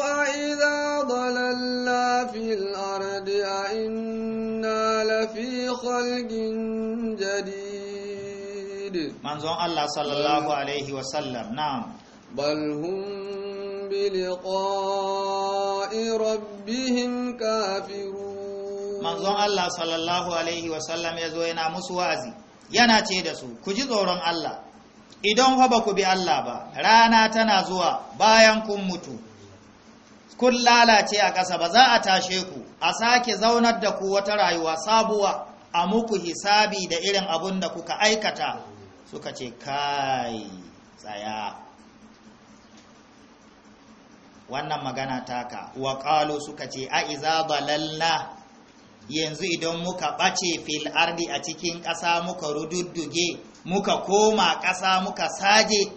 a idza dalalla fil ardi a inna lafi khalqin jadid manzon Allah sallallahu alaihi wa sallam na'am بل هم بلقاء ربهم كافرون منظر الله صلى الله عليه وسلم يزوينا مسوازي yana ce da su ku ji tsoron Allah idan fa ba ku bi Allah ba rana tana zuwa bayan kun mutu kun lalace a ƙasa ba za a tashe ku a sake zaunar da ku wata rayuwa sabuwa a muku hisabi da irin abun da kuka aikata suka ce kai tsaya wannan magana taka wa kalu suka ce a iza balalla yanzu idan muka bace fil ardi a cikin ƙasa muka rududduge muka koma ƙasa muka saje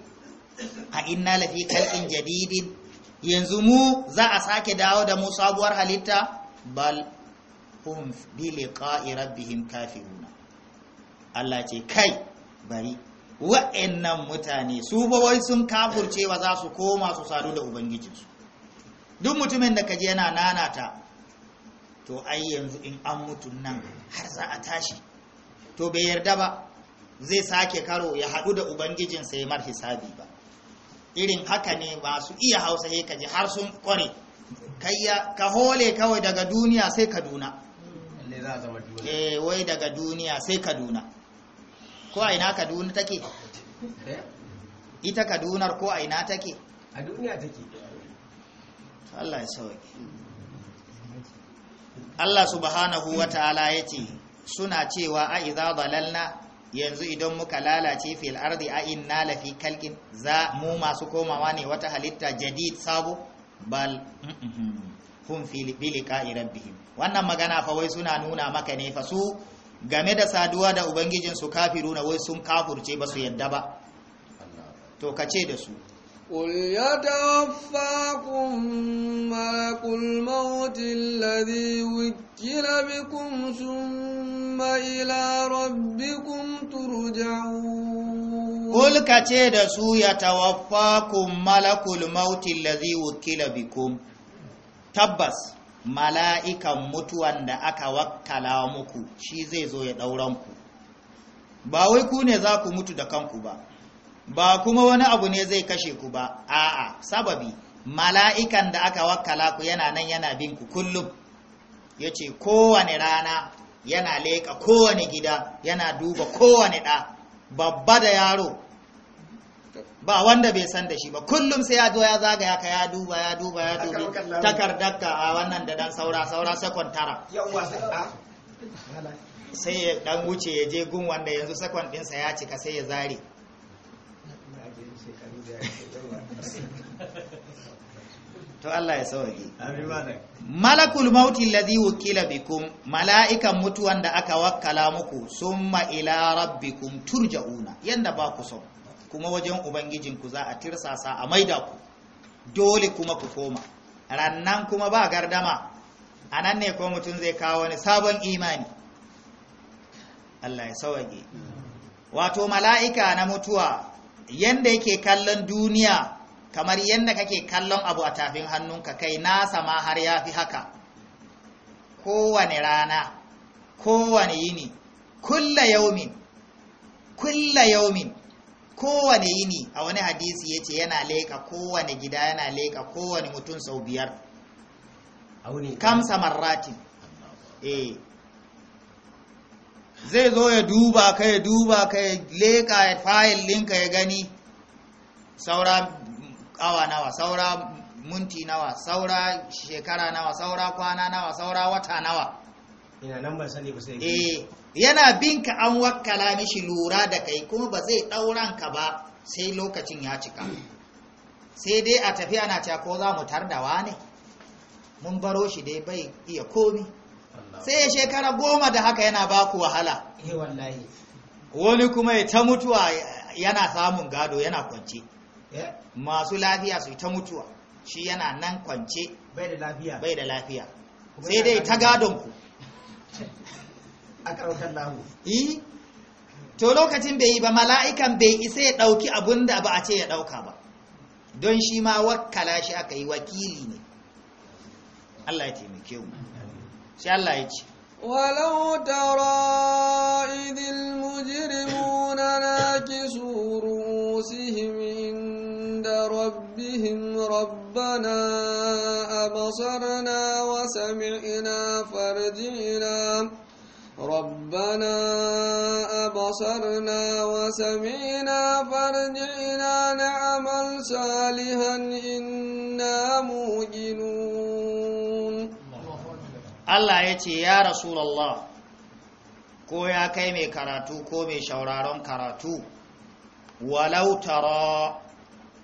a inna lafi kalkin jadidin yanzu mu za a sake dawo da mu sabuwar halitta bal hum bi liqa'i rabbihim huna. Allah ce kai bari wa'annan mutane su bawai sun kafurcewa za su koma su sadu da ubangijinsu duk mutumin da kaje yana nanata to ai yanzu in an mutun nan har za a tashi to bai yarda ba zai sake karo ya haɗu da ubangijin sai mar hisabi ba irin haka ne masu iya hausa sai kaji har sun kware kayya ka hole kawai daga duniya sai kaduna eh wai daga duniya sai kaduna ko a ina kaduna take eh? ita kadunar ko a ina take a duniya take Allah ya sauke Allah subhanahu ya ce suna cewa a iza dalalna yanzu idan muka lalace fil ardi a inna lafi kalkin za mu masu komawa ne wata halitta jadid sabo bal hum fi liqa'i rabbihim wannan magana fa wai suna nuna maka ne fa su game da saduwa da ubangijin su na wai sun kafurce ba su yadda ba to kace da su قل يتوفاكم ملك الموت الذي وكل بكم ثم إلى ربكم ترجعون قل كتيد سو يتوفاكم ملك الموت الذي وكل بكم تبس ملائكة mutuwan da أكا wakkala muku shi zai zo ya ɗauranku ba wai ku ne ba kuma wani abu ne zai kashe ku ba a'a sababi mala'ikan da aka wakala ku yana nan yana bin ku kullum yace kowane rana yana leka kowane gida yana duba kowane ɗa babba da yaro ba wanda bai san da shi ba kullum sai ya zo ya zagaya ka ya duba ya duba ya dubi takardarka a wannan da dan saura saura sakon tara sai ya dan wuce ya je gun wanda yanzu sakon ɗinsa ya cika sai ya zare to Allah ya sauke malakul mauti alladhi wukila bikum mala'ikan mutuwan da aka wakkala muku summa ila rabbikum turja'una yanda ba ku son kuma wajen ubangijin ku za a tirsasa a maida ku dole kuma ku koma rannan kuma ba gardama anan ne ko mutum zai kawo wani sabon imani Allah ya sauke mm. wato mala'ika na mutuwa yanda yake kallon duniya kamar yanda kake kallon abu a tafin hannunka kai nasa ma har ya fi haka kowane rana kowane yini kulla yaumin kulla yaumin kowane yini a wani hadisi ya ce yana leka kowane gida yana leka kowane mutum sau biyar kam samarratin eh zai zo ya duba ka ya duba ka ya leƙa ya fayil linka ya gani saura awa nawa saura munti nawa saura shekara nawa saura kwana nawa saura wata nawa ina nan ban sani ba sai eh yana bin ka an wakala mishi lura da kai kuma ba zai ɗauran ka ba sai lokacin ya cika sai dai a tafiya na ta ko za mu tardawa ne mun baro shi dai bai iya komi sai ya shekara goma da haka yana baku wahala eh, wani kuma ya ta mutuwa yana samun gado yana kwance eh? masu lafiya su ta mutuwa shi yana nan kwance bai da lafiya sai dai ta gadon ku a ƙarautar lahu eh? to lokacin bai yi ba mala'ikan bai isa ya ɗauki abin da ba a ce ya ɗauka ba don shi ma wakkala shi aka yi wakili ne Allah ya taimake mu sai Allah ya ce walau tara idil mujrimuna nakisu ru'usihim inda rabbihim rabbana absarna wa sami'na farjina ربنا أبصرنا وسمعنا فارجعنا نعمل صالحا إنا موقنون Allah ya ce ya rasulallah ko ya kai mai karatu ko mai shauraron karatu walau tara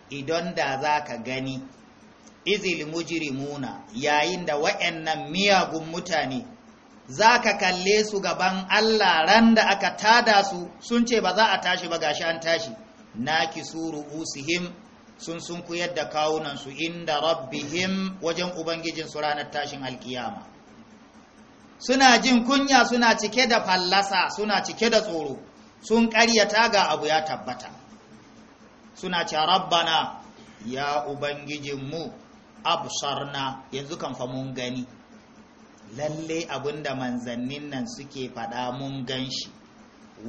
idan da za ka gani izil mujrimuna yayin da wa'annan miyagun mutane za ka kalle su gaban Allah ran da aka tada su sun ce ba za a tashi ba gashi an tashi na ki suru usihim sun sun kuyar da kawunansu inda rabbihim wajen ubangijinsu ranar tashin alkiyama suna jin kunya suna cike da fallasa suna cike da tsoro sun ƙaryata ga abu ya tabbata suna ce rabbana ya ubangijinmu absarna yanzu kan fa mun gani lalle abinda manzannin nan suke faɗa mun gan shi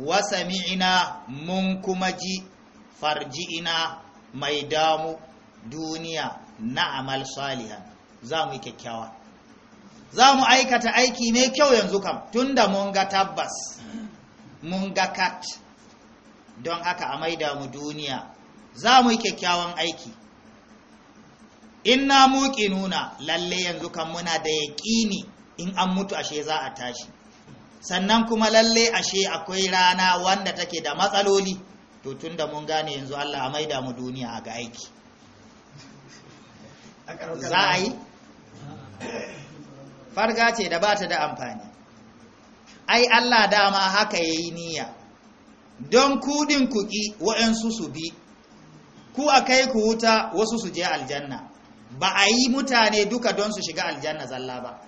wasami'ina mun kuma ji farji ina mai damu duniya na amal salihan za mu yi kyakkyawa za mu aikata aiki mai kyau yanzu kam tunda mun ga tabbas mun ga kat don haka a maida mu duniya za mu yi kyakkyawan aiki In na muƙi nuna lalle yanzu kan muna da yaƙini in an mutu ashe za a tashi sannan kuma lalle ashe akwai rana wanda take da matsaloli to tun da mun gane yanzu Allah a maida mu duniya a ga aiki za a yi farga ce da ba ta da amfani ai Allah dama haka ya yi niyya don kuɗin kuƙi waɗansu su bi ku a kai ku wuta wasu su je aljanna ba a yi mutane duka don su shiga aljanna zalla ba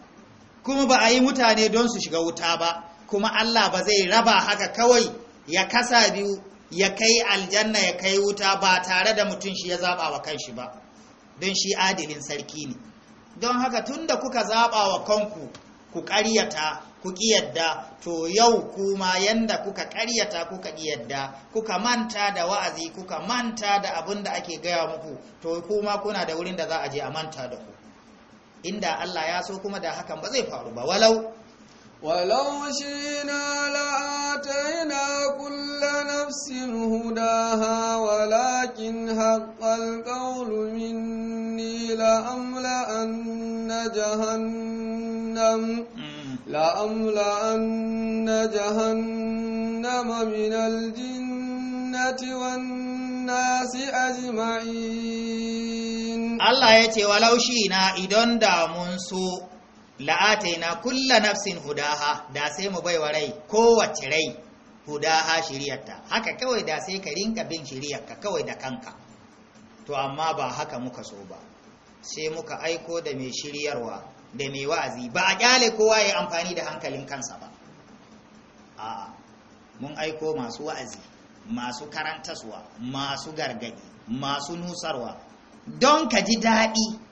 kuma ba a yi mutane don su shiga wuta ba kuma Allah ba zai raba haka kawai ya kasa biyu ya kai aljanna ya kai wuta ba tare da mutum shi ya zaba wa kanshi ba don shi adilin sarki ne don haka tunda kuka zaɓa wa kanku ku ƙaryata ku ƙiyadda to yau kuma yanda kuka ƙaryata kuka ƙiyadda kuka manta da wa'azi kuka manta da abin da ake gaya muku to kuma kuna da wurin da za a je a manta da ku inda Allah ya so kuma da hakan ba zai faru ba walau ولو شئنا لآتينا كل نفس هداها ولكن حق القول مني لأملأن جهنم لأملأن جهنم من الجنة والناس أجمعين الله يتي ولو شئنا إذن دامون سوء la'ataina kulla nafsin hudaha da sai mu baiwa rai kowace rai hudaha shiriyarta haka kawai da sai ka rinka bin shiriyarka kawai da kanka to amma ba haka muka so ba sai muka aiko da mai shiryarwa da mai wa'azi ba a kyale kowa ya amfani da hankalin kansa ba a mun aiko masu wa'azi masu karantaswa masu gargadi masu nusarwa don ka ji daɗi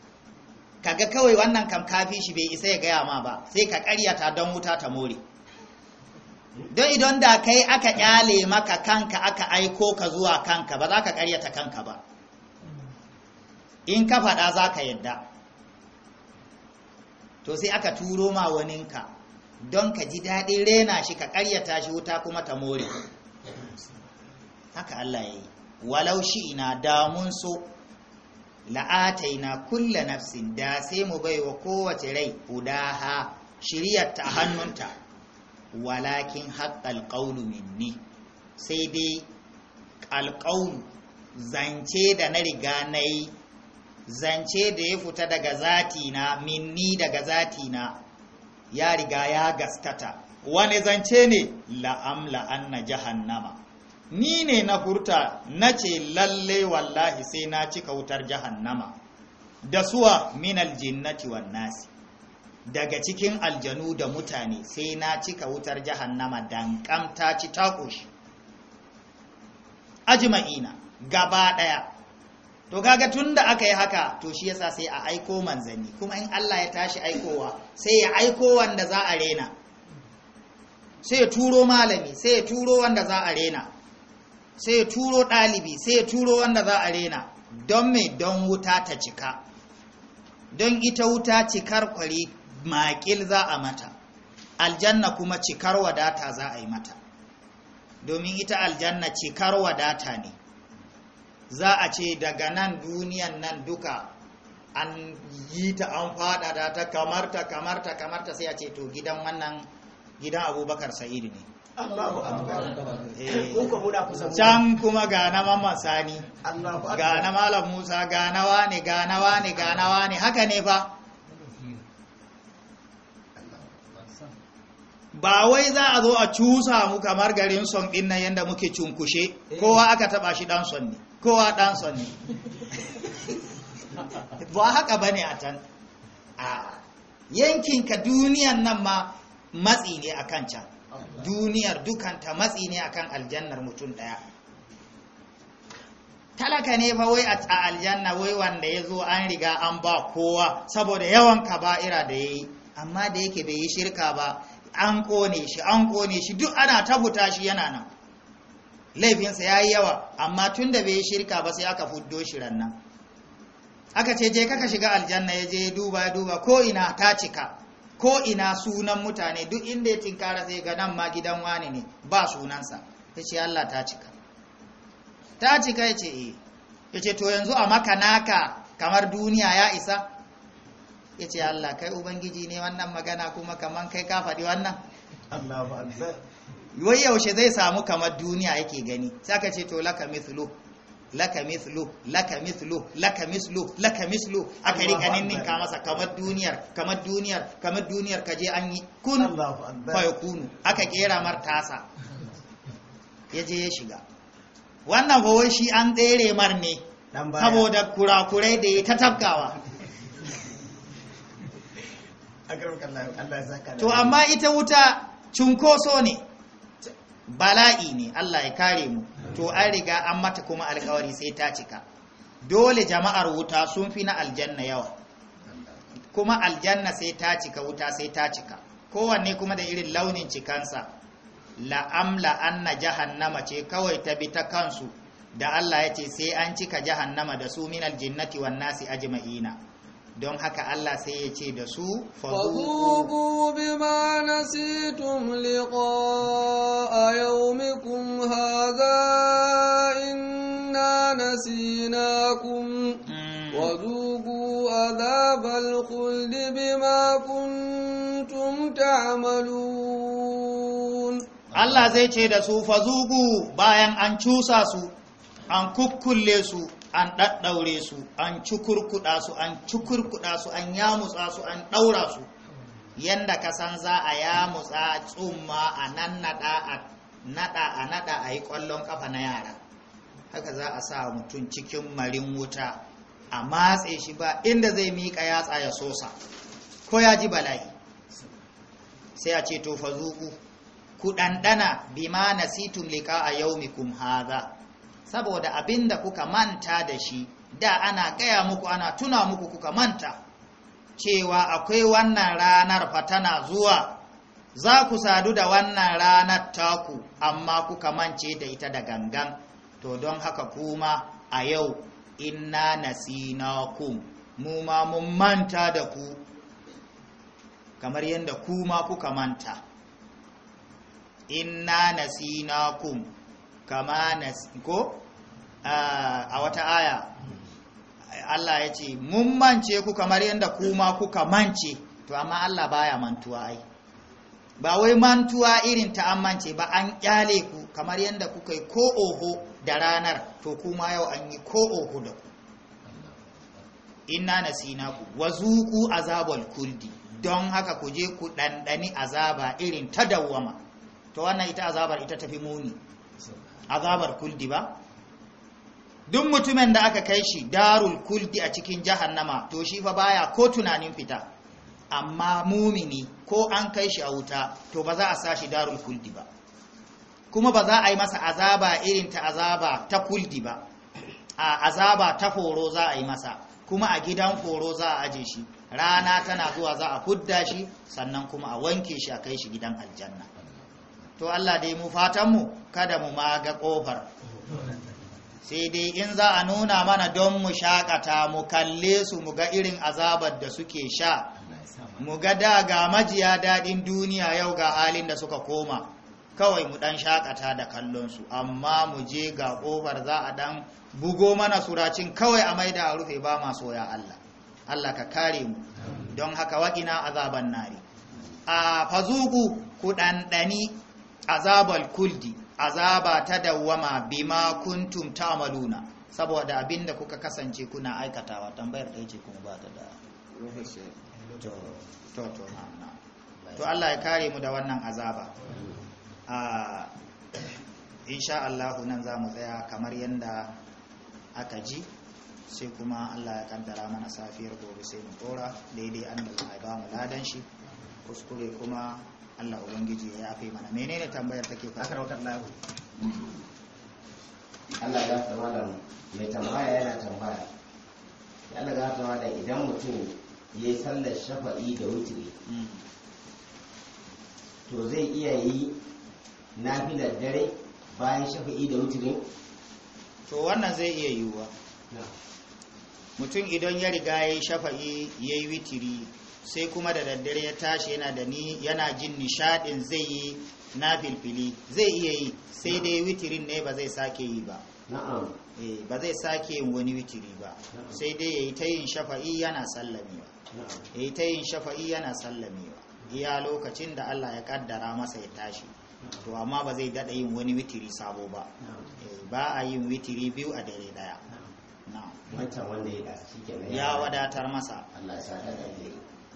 kaga kawai wannan kam kafi shi bai isa ya gaya ma ba sai ka karyata don wuta ta more don idan da kai aka kyale maka kanka aka aiko ka zuwa kanka ba za ka karyata kanka ba in ka faɗa za ka yadda to sai aka turo ma waninka don ka ji daɗin rena shi ka karyata shi wuta kuma ta more haka Allah ya yi walau shi ina damun so la'ataina kulla nafsin da sai mu bai wa kowace rai hudaha shiryarta a hannunta walakin haƙƙal ƙaunu minni sai dai alƙaunu zance da na riga na yi zance da ya fita daga zatina minni daga zati na? ya riga ya gaskata wani zance ne la'am la'an na jahannama ni ne na hurta na ce lalle wallahi sai na cika wutar jahannama da suwa min aljinnati wan nasi daga cikin aljanu da mutane sai na cika wutar jahannama dan kamta ci takushi. ajma'ina gaba ɗaya to kaga tunda aka yi haka to shi yasa sai a aiko manzanni kuma in Allah ya tashi aikowa sai ya aiko wanda za a rena sai ya turo malami sai ya turo wanda za a rena sai turo ɗalibi sai turo wanda za a rena don mai don wuta ta cika don ita wuta cikar kwari makil za a mata aljanna kuma cikar wadata za a yi mata domin ita aljanna cikar wadata ne za a ce daga nan duniyan nan duka an yi ta an fada ta kamarta kamarta kamarta sai a ce to gidan wannan gidan abubakar sa'idu ne Eh. can kuma ga na mamman sani ga na malam musa ga na Gana ga na Wani, ga na haka ne fa ba wai za a zo a cusa mu kamar garin son din nan yadda muke cunkushe eh. kowa aka taba shi dan son ne kowa dan son ne ba haka ne a can a yankinka duniyan nan ma matsi ne a kan can duniyar ta matsi ne akan aljannar mutum daya talaka ne fa wai a aljanna wai wanda ya zo an riga an ba kowa saboda yawan kaba'ira da ya yi amma da yake bai yi shirka ba an kone shi an kone shi duk ana tabuta shi yana nan laifinsa ya yi yawa amma tun da bai yi shirka ba sai aka fuddo shi rannan aka ce je kaka shiga aljanna ya je duba duba ko ina ta cika ko ina sunan mutane duk inda ya tinkara sai ga nan ma gidan wani ne ba sunansa ya ce Allah ta cika ta cika ya ce eh ya ce to yanzu a maka naka kamar duniya ya isa ya ce Allah kai ubangiji ne wannan magana kuma kamar kai ka faɗi wannan wai yaushe zai samu kamar duniya yake gani sai ka ce to laka mithlu laka mislu laka mislu laka mislu laka mislu aka rika ka masa kamar duniyar kamar duniyar kamar duniyar ka je an yi kun fa kunu aka kera mar ya je ya shiga wannan fa shi an tsere mar ne saboda kurakurai da ya ta tabkawa to amma ita wuta cunkoso ne bala'i ne Allah ya kare mu to an riga an mata kuma alkawari sai ta cika dole jama'ar wuta sun fi na aljanna yawa kuma aljanna sai ta cika wuta sai ta cika kowanne kuma da irin launin cikansa la'amla anna jahannama ce kawai ta bi ta kansu da Allah ya ce sai an cika jahannama da su minal jinnati wannan nasi ajima'ina don haka Allah sai ya ce da su fahuku bima nasitum liqa'a yawmikum haga inna nasinakum mm. wazuku ma khuldi bima kuntum ta'malun Allah zai ce da su fazugu bayan an cusa su an kukkulle su an ɗaɗɗaure su an cukurkuɗa su an cukurkuɗa su an yamutsa su an ɗaura su yadda ka san za a yamutsa tsumma a nan naɗa a naɗa a naɗa a yi ƙwallon ƙafa na yara haka za a sa mutum cikin marin wuta a matse shi ba inda zai miƙa yatsa ya sosa ko ya ji bala'i sai a ce to fa zuku ku ɗanɗana bima nasitum liƙa a yaumikum haza. saboda abin da kuka manta da shi da ana gaya muku ana tuna muku kuka manta cewa akwai wannan ranar fa tana zuwa za ku sadu da wannan ranar taku amma kuka mance da ita da gangan to don haka kuma a yau inna nasinakum mu ma mun manta da ku kamar yadda ku kuka manta inna nasinakum kama na ko a wata aya Allah ya ce mun mance ku kamar yadda kuma kuka mance to amma Allah baya mantuwa ai ba wai mantuwa irin ta an ba an kyale ku kamar yadda kuka yi ko oho da ranar to kuma yau an yi ko oho da ku inna nasina ku wazuku azabal kuldi don haka ku je ku dandani azaba irin ta dawwama to wannan ita azabar ita tafi muni azabar kuldi ba duk mutumin da aka kai shi darul kuldi a cikin jahannama to shi fa baya ko tunanin fita amma mumini ko an kai shi a wuta to ba za a sa shi darul kuldi ba kuma ba za a yi masa azaba irin ta azaba ta kuldi ba a azaba ta horo za a yi masa kuma a gidan horo za a aje shi rana tana zuwa za a hudda shi sannan kuma a wanke shi a kai shi gidan aljanna to Allah dai mu fatanmu kada mu maga kofar. sai dai in za a nuna mana don mu shakata mu kalle su mu ga irin azabar da suke sha mu ga da ga majiya daɗin duniya yau ga halin da suka koma kawai mu ɗan shakata da kallon su, amma mu je ga kofar za a ɗan bugo mana suracin kawai a maida a rufe ba ma soya Allah Allah ka kare mu don haka waƙina azaban nari a fazuku ku ɗanɗani azabal kuldi azaba ta dawwama bima kuntum ta'maluna saboda abinda kuka kasance kuna aikatawa tambayar da yake kuma ba ta da to to Allah ya kare mu da wannan azaba a insha Allah nan zamu tsaya kamar yanda aka ji sai kuma Allah ya kaddara mana safiyar gobe sai mu tsora daidai an da ba mu ladan shi kuskure kuma Allah ubangiji ya yafe mana menene tambayar take ka sarautar lahu Allah ya gafa malam mai tambaya yana tambaya Allah ya gafa idan mutum ya salla sallar shafa'i da wutiri hmm. to zai iya yi nafilar dare bayan shafa'i da wutirin to wannan zai iya yiwuwa mutum idan ya riga ya yi shafa'i ya yi witiri sai kuma da daddare ya tashi yana da ni yana jin nishadin zai yi na filfili zai iya yi sai dai witirin ne ba zai sake yi ba eh, ba zai sake yin wani witiri ba sai dai ya yi ta yin shafa'i yana sallamewa ya yi ta yin shafa'i yana sallamewa iya lokacin da Allah ya kaddara masa ya tashi to amma ba zai daɗa yin wani witiri sabo ba eh, ba a yin witiri biyu a dare wanda ya wadatar masa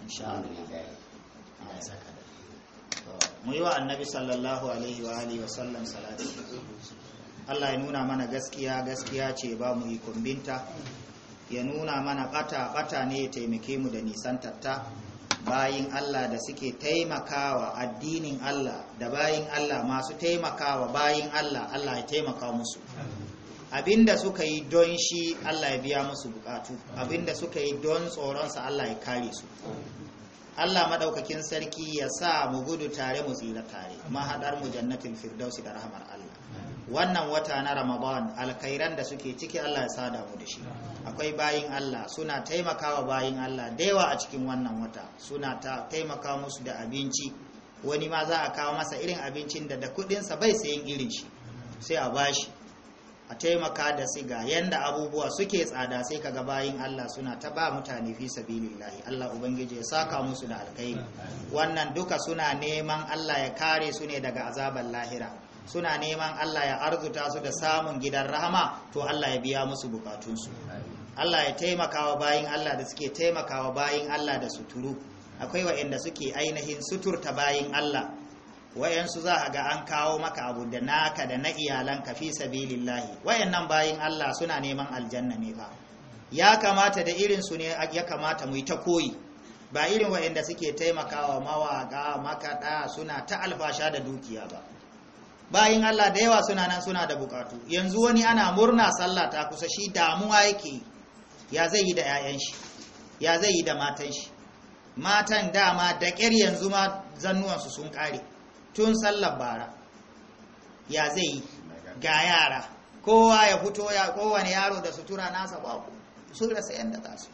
alhamdulillah Allah ya saka da mu yi wa annabi sallallahu alaihi wa alihi wasallam salati Allah ya nuna mana gaskiya gaskiya ce ba mu yi kumbinta ya nuna mana bata bata ne ya taimake mu da nisan tatta bayin Allah da suke taimakawa addinin Allah da bayin Allah masu taimakawa bayin Allah Allah ya taimaka musu abinda suka yi don shi Allah ya biya musu bukatu abinda suka yi don tsoronsa Allah ya kare su Allah madaukakin sarki ya sa mu gudu tare mu tsira tare mahadar mu jannatin firdausi da rahmar Allah wannan wata na Ramadan alkhairan da suke ciki Allah ya sada mu da shi akwai bayin Allah suna taimakawa bayin Allah da yawa a cikin wannan wata suna ta taimaka musu da abinci wani ma za a kawo masa irin abincin da da sa bai sayin irin shi sai a bashi a taimaka da siga yanda abubuwa suke tsada sai ka ga bayan Allah suna ta ba mutane fi sabilillahi Allah ubangiji ya saka musu da alkhairi wannan duka suna neman Allah ya kare su ne daga azabar lahira suna neman Allah ya arzuta su da samun gidan rahama to Allah ya biya musu bukatunsu Allah ya taimakawa bayan Allah da suke taimakawa bayan Allah da suturu akwai waɗanda suke ainihin suturta bayan Allah wayansu za a ga an kawo maka abu da naka da na iyalanka fi sabilillahi wayannan bayin Allah suna neman aljanna ne fa ya kamata da irin su ne ya kamata mu ta koyi ba irin wayanda suke taimakawa mawaka da suna ta alfasha da dukiya ba bayin Allah da yawa suna nan suna da bukatu yanzu wani ana murna sallah ta kusa shi damuwa yake ya zai yi da ƴaƴan shi ya zai yi da matan shi matan dama da ƙyar yanzu ma zannuwansu sun kare. tun sallar bara ya zai yi oh ga yara kowa ya fito ya kowane yaro da sutura nasa ba su rasa za su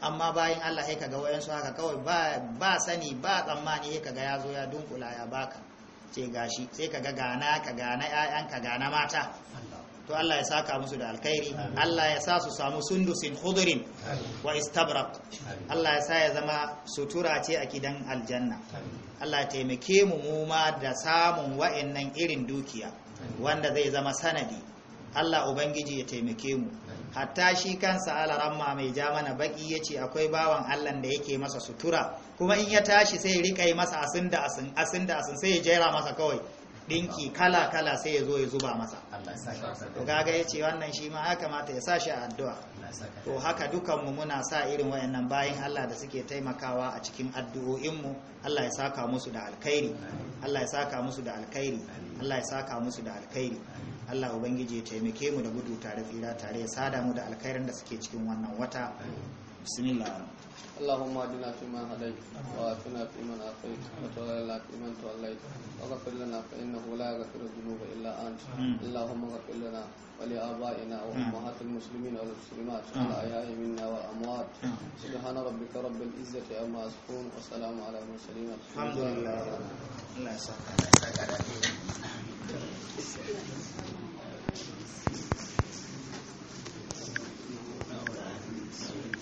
amma bayan Allah ya kaga su haka kawai ba sani ba tsammani ya kaga ya zo ya dunkula ya baka ce gashi sai kaga gana ka gana ƴaƴan ka gana mata to Allah ya saka musu da alkhairi Allah ya sa su samu sundusin khudurin wa istabraq Allah ya sa ya zama sutura ce a gidan aljanna Allah ya taimake mu mu ma da samun wa'annan irin dukiya wanda zai zama sanadi Allah ubangiji ya taimake mu hatta shi kansa ramma mai ja mana baki yace akwai bawan allah da yake masa sutura kuma in ya tashi sai rika masa asinda da asin asinda asin sai ya jera masa kawai dinki kala kala sai ya zo ya zuba masa to ya yace wannan shi ma ya kamata ya a addu'a to haka dukanmu muna sa irin wayannan bayan Allah da suke taimakawa a cikin addu'o'inmu? Allah ya saka musu da alkhairi Allah ya saka musu da alkhairi Allah ya saka musu da alkhairi Allah ubangiji ya taimake mu da gudu tare tsira tare ya sada mu da alkhairin da suke cikin wannan wata bismillah اللهم اجنا فيما هديت وآتنا فيمن أعطيت وتولنا فيمن توليت وغفر لنا فإنه لا يغفر الذنوب إلا أنت اللهم اغفر لنا ولآبائنا وأمهات المسلمين والمسلمات الأحياء منا والأموات سبحان ربك رب العزة عما يصفون والسلام على المرسلين الحمد لله Thank you.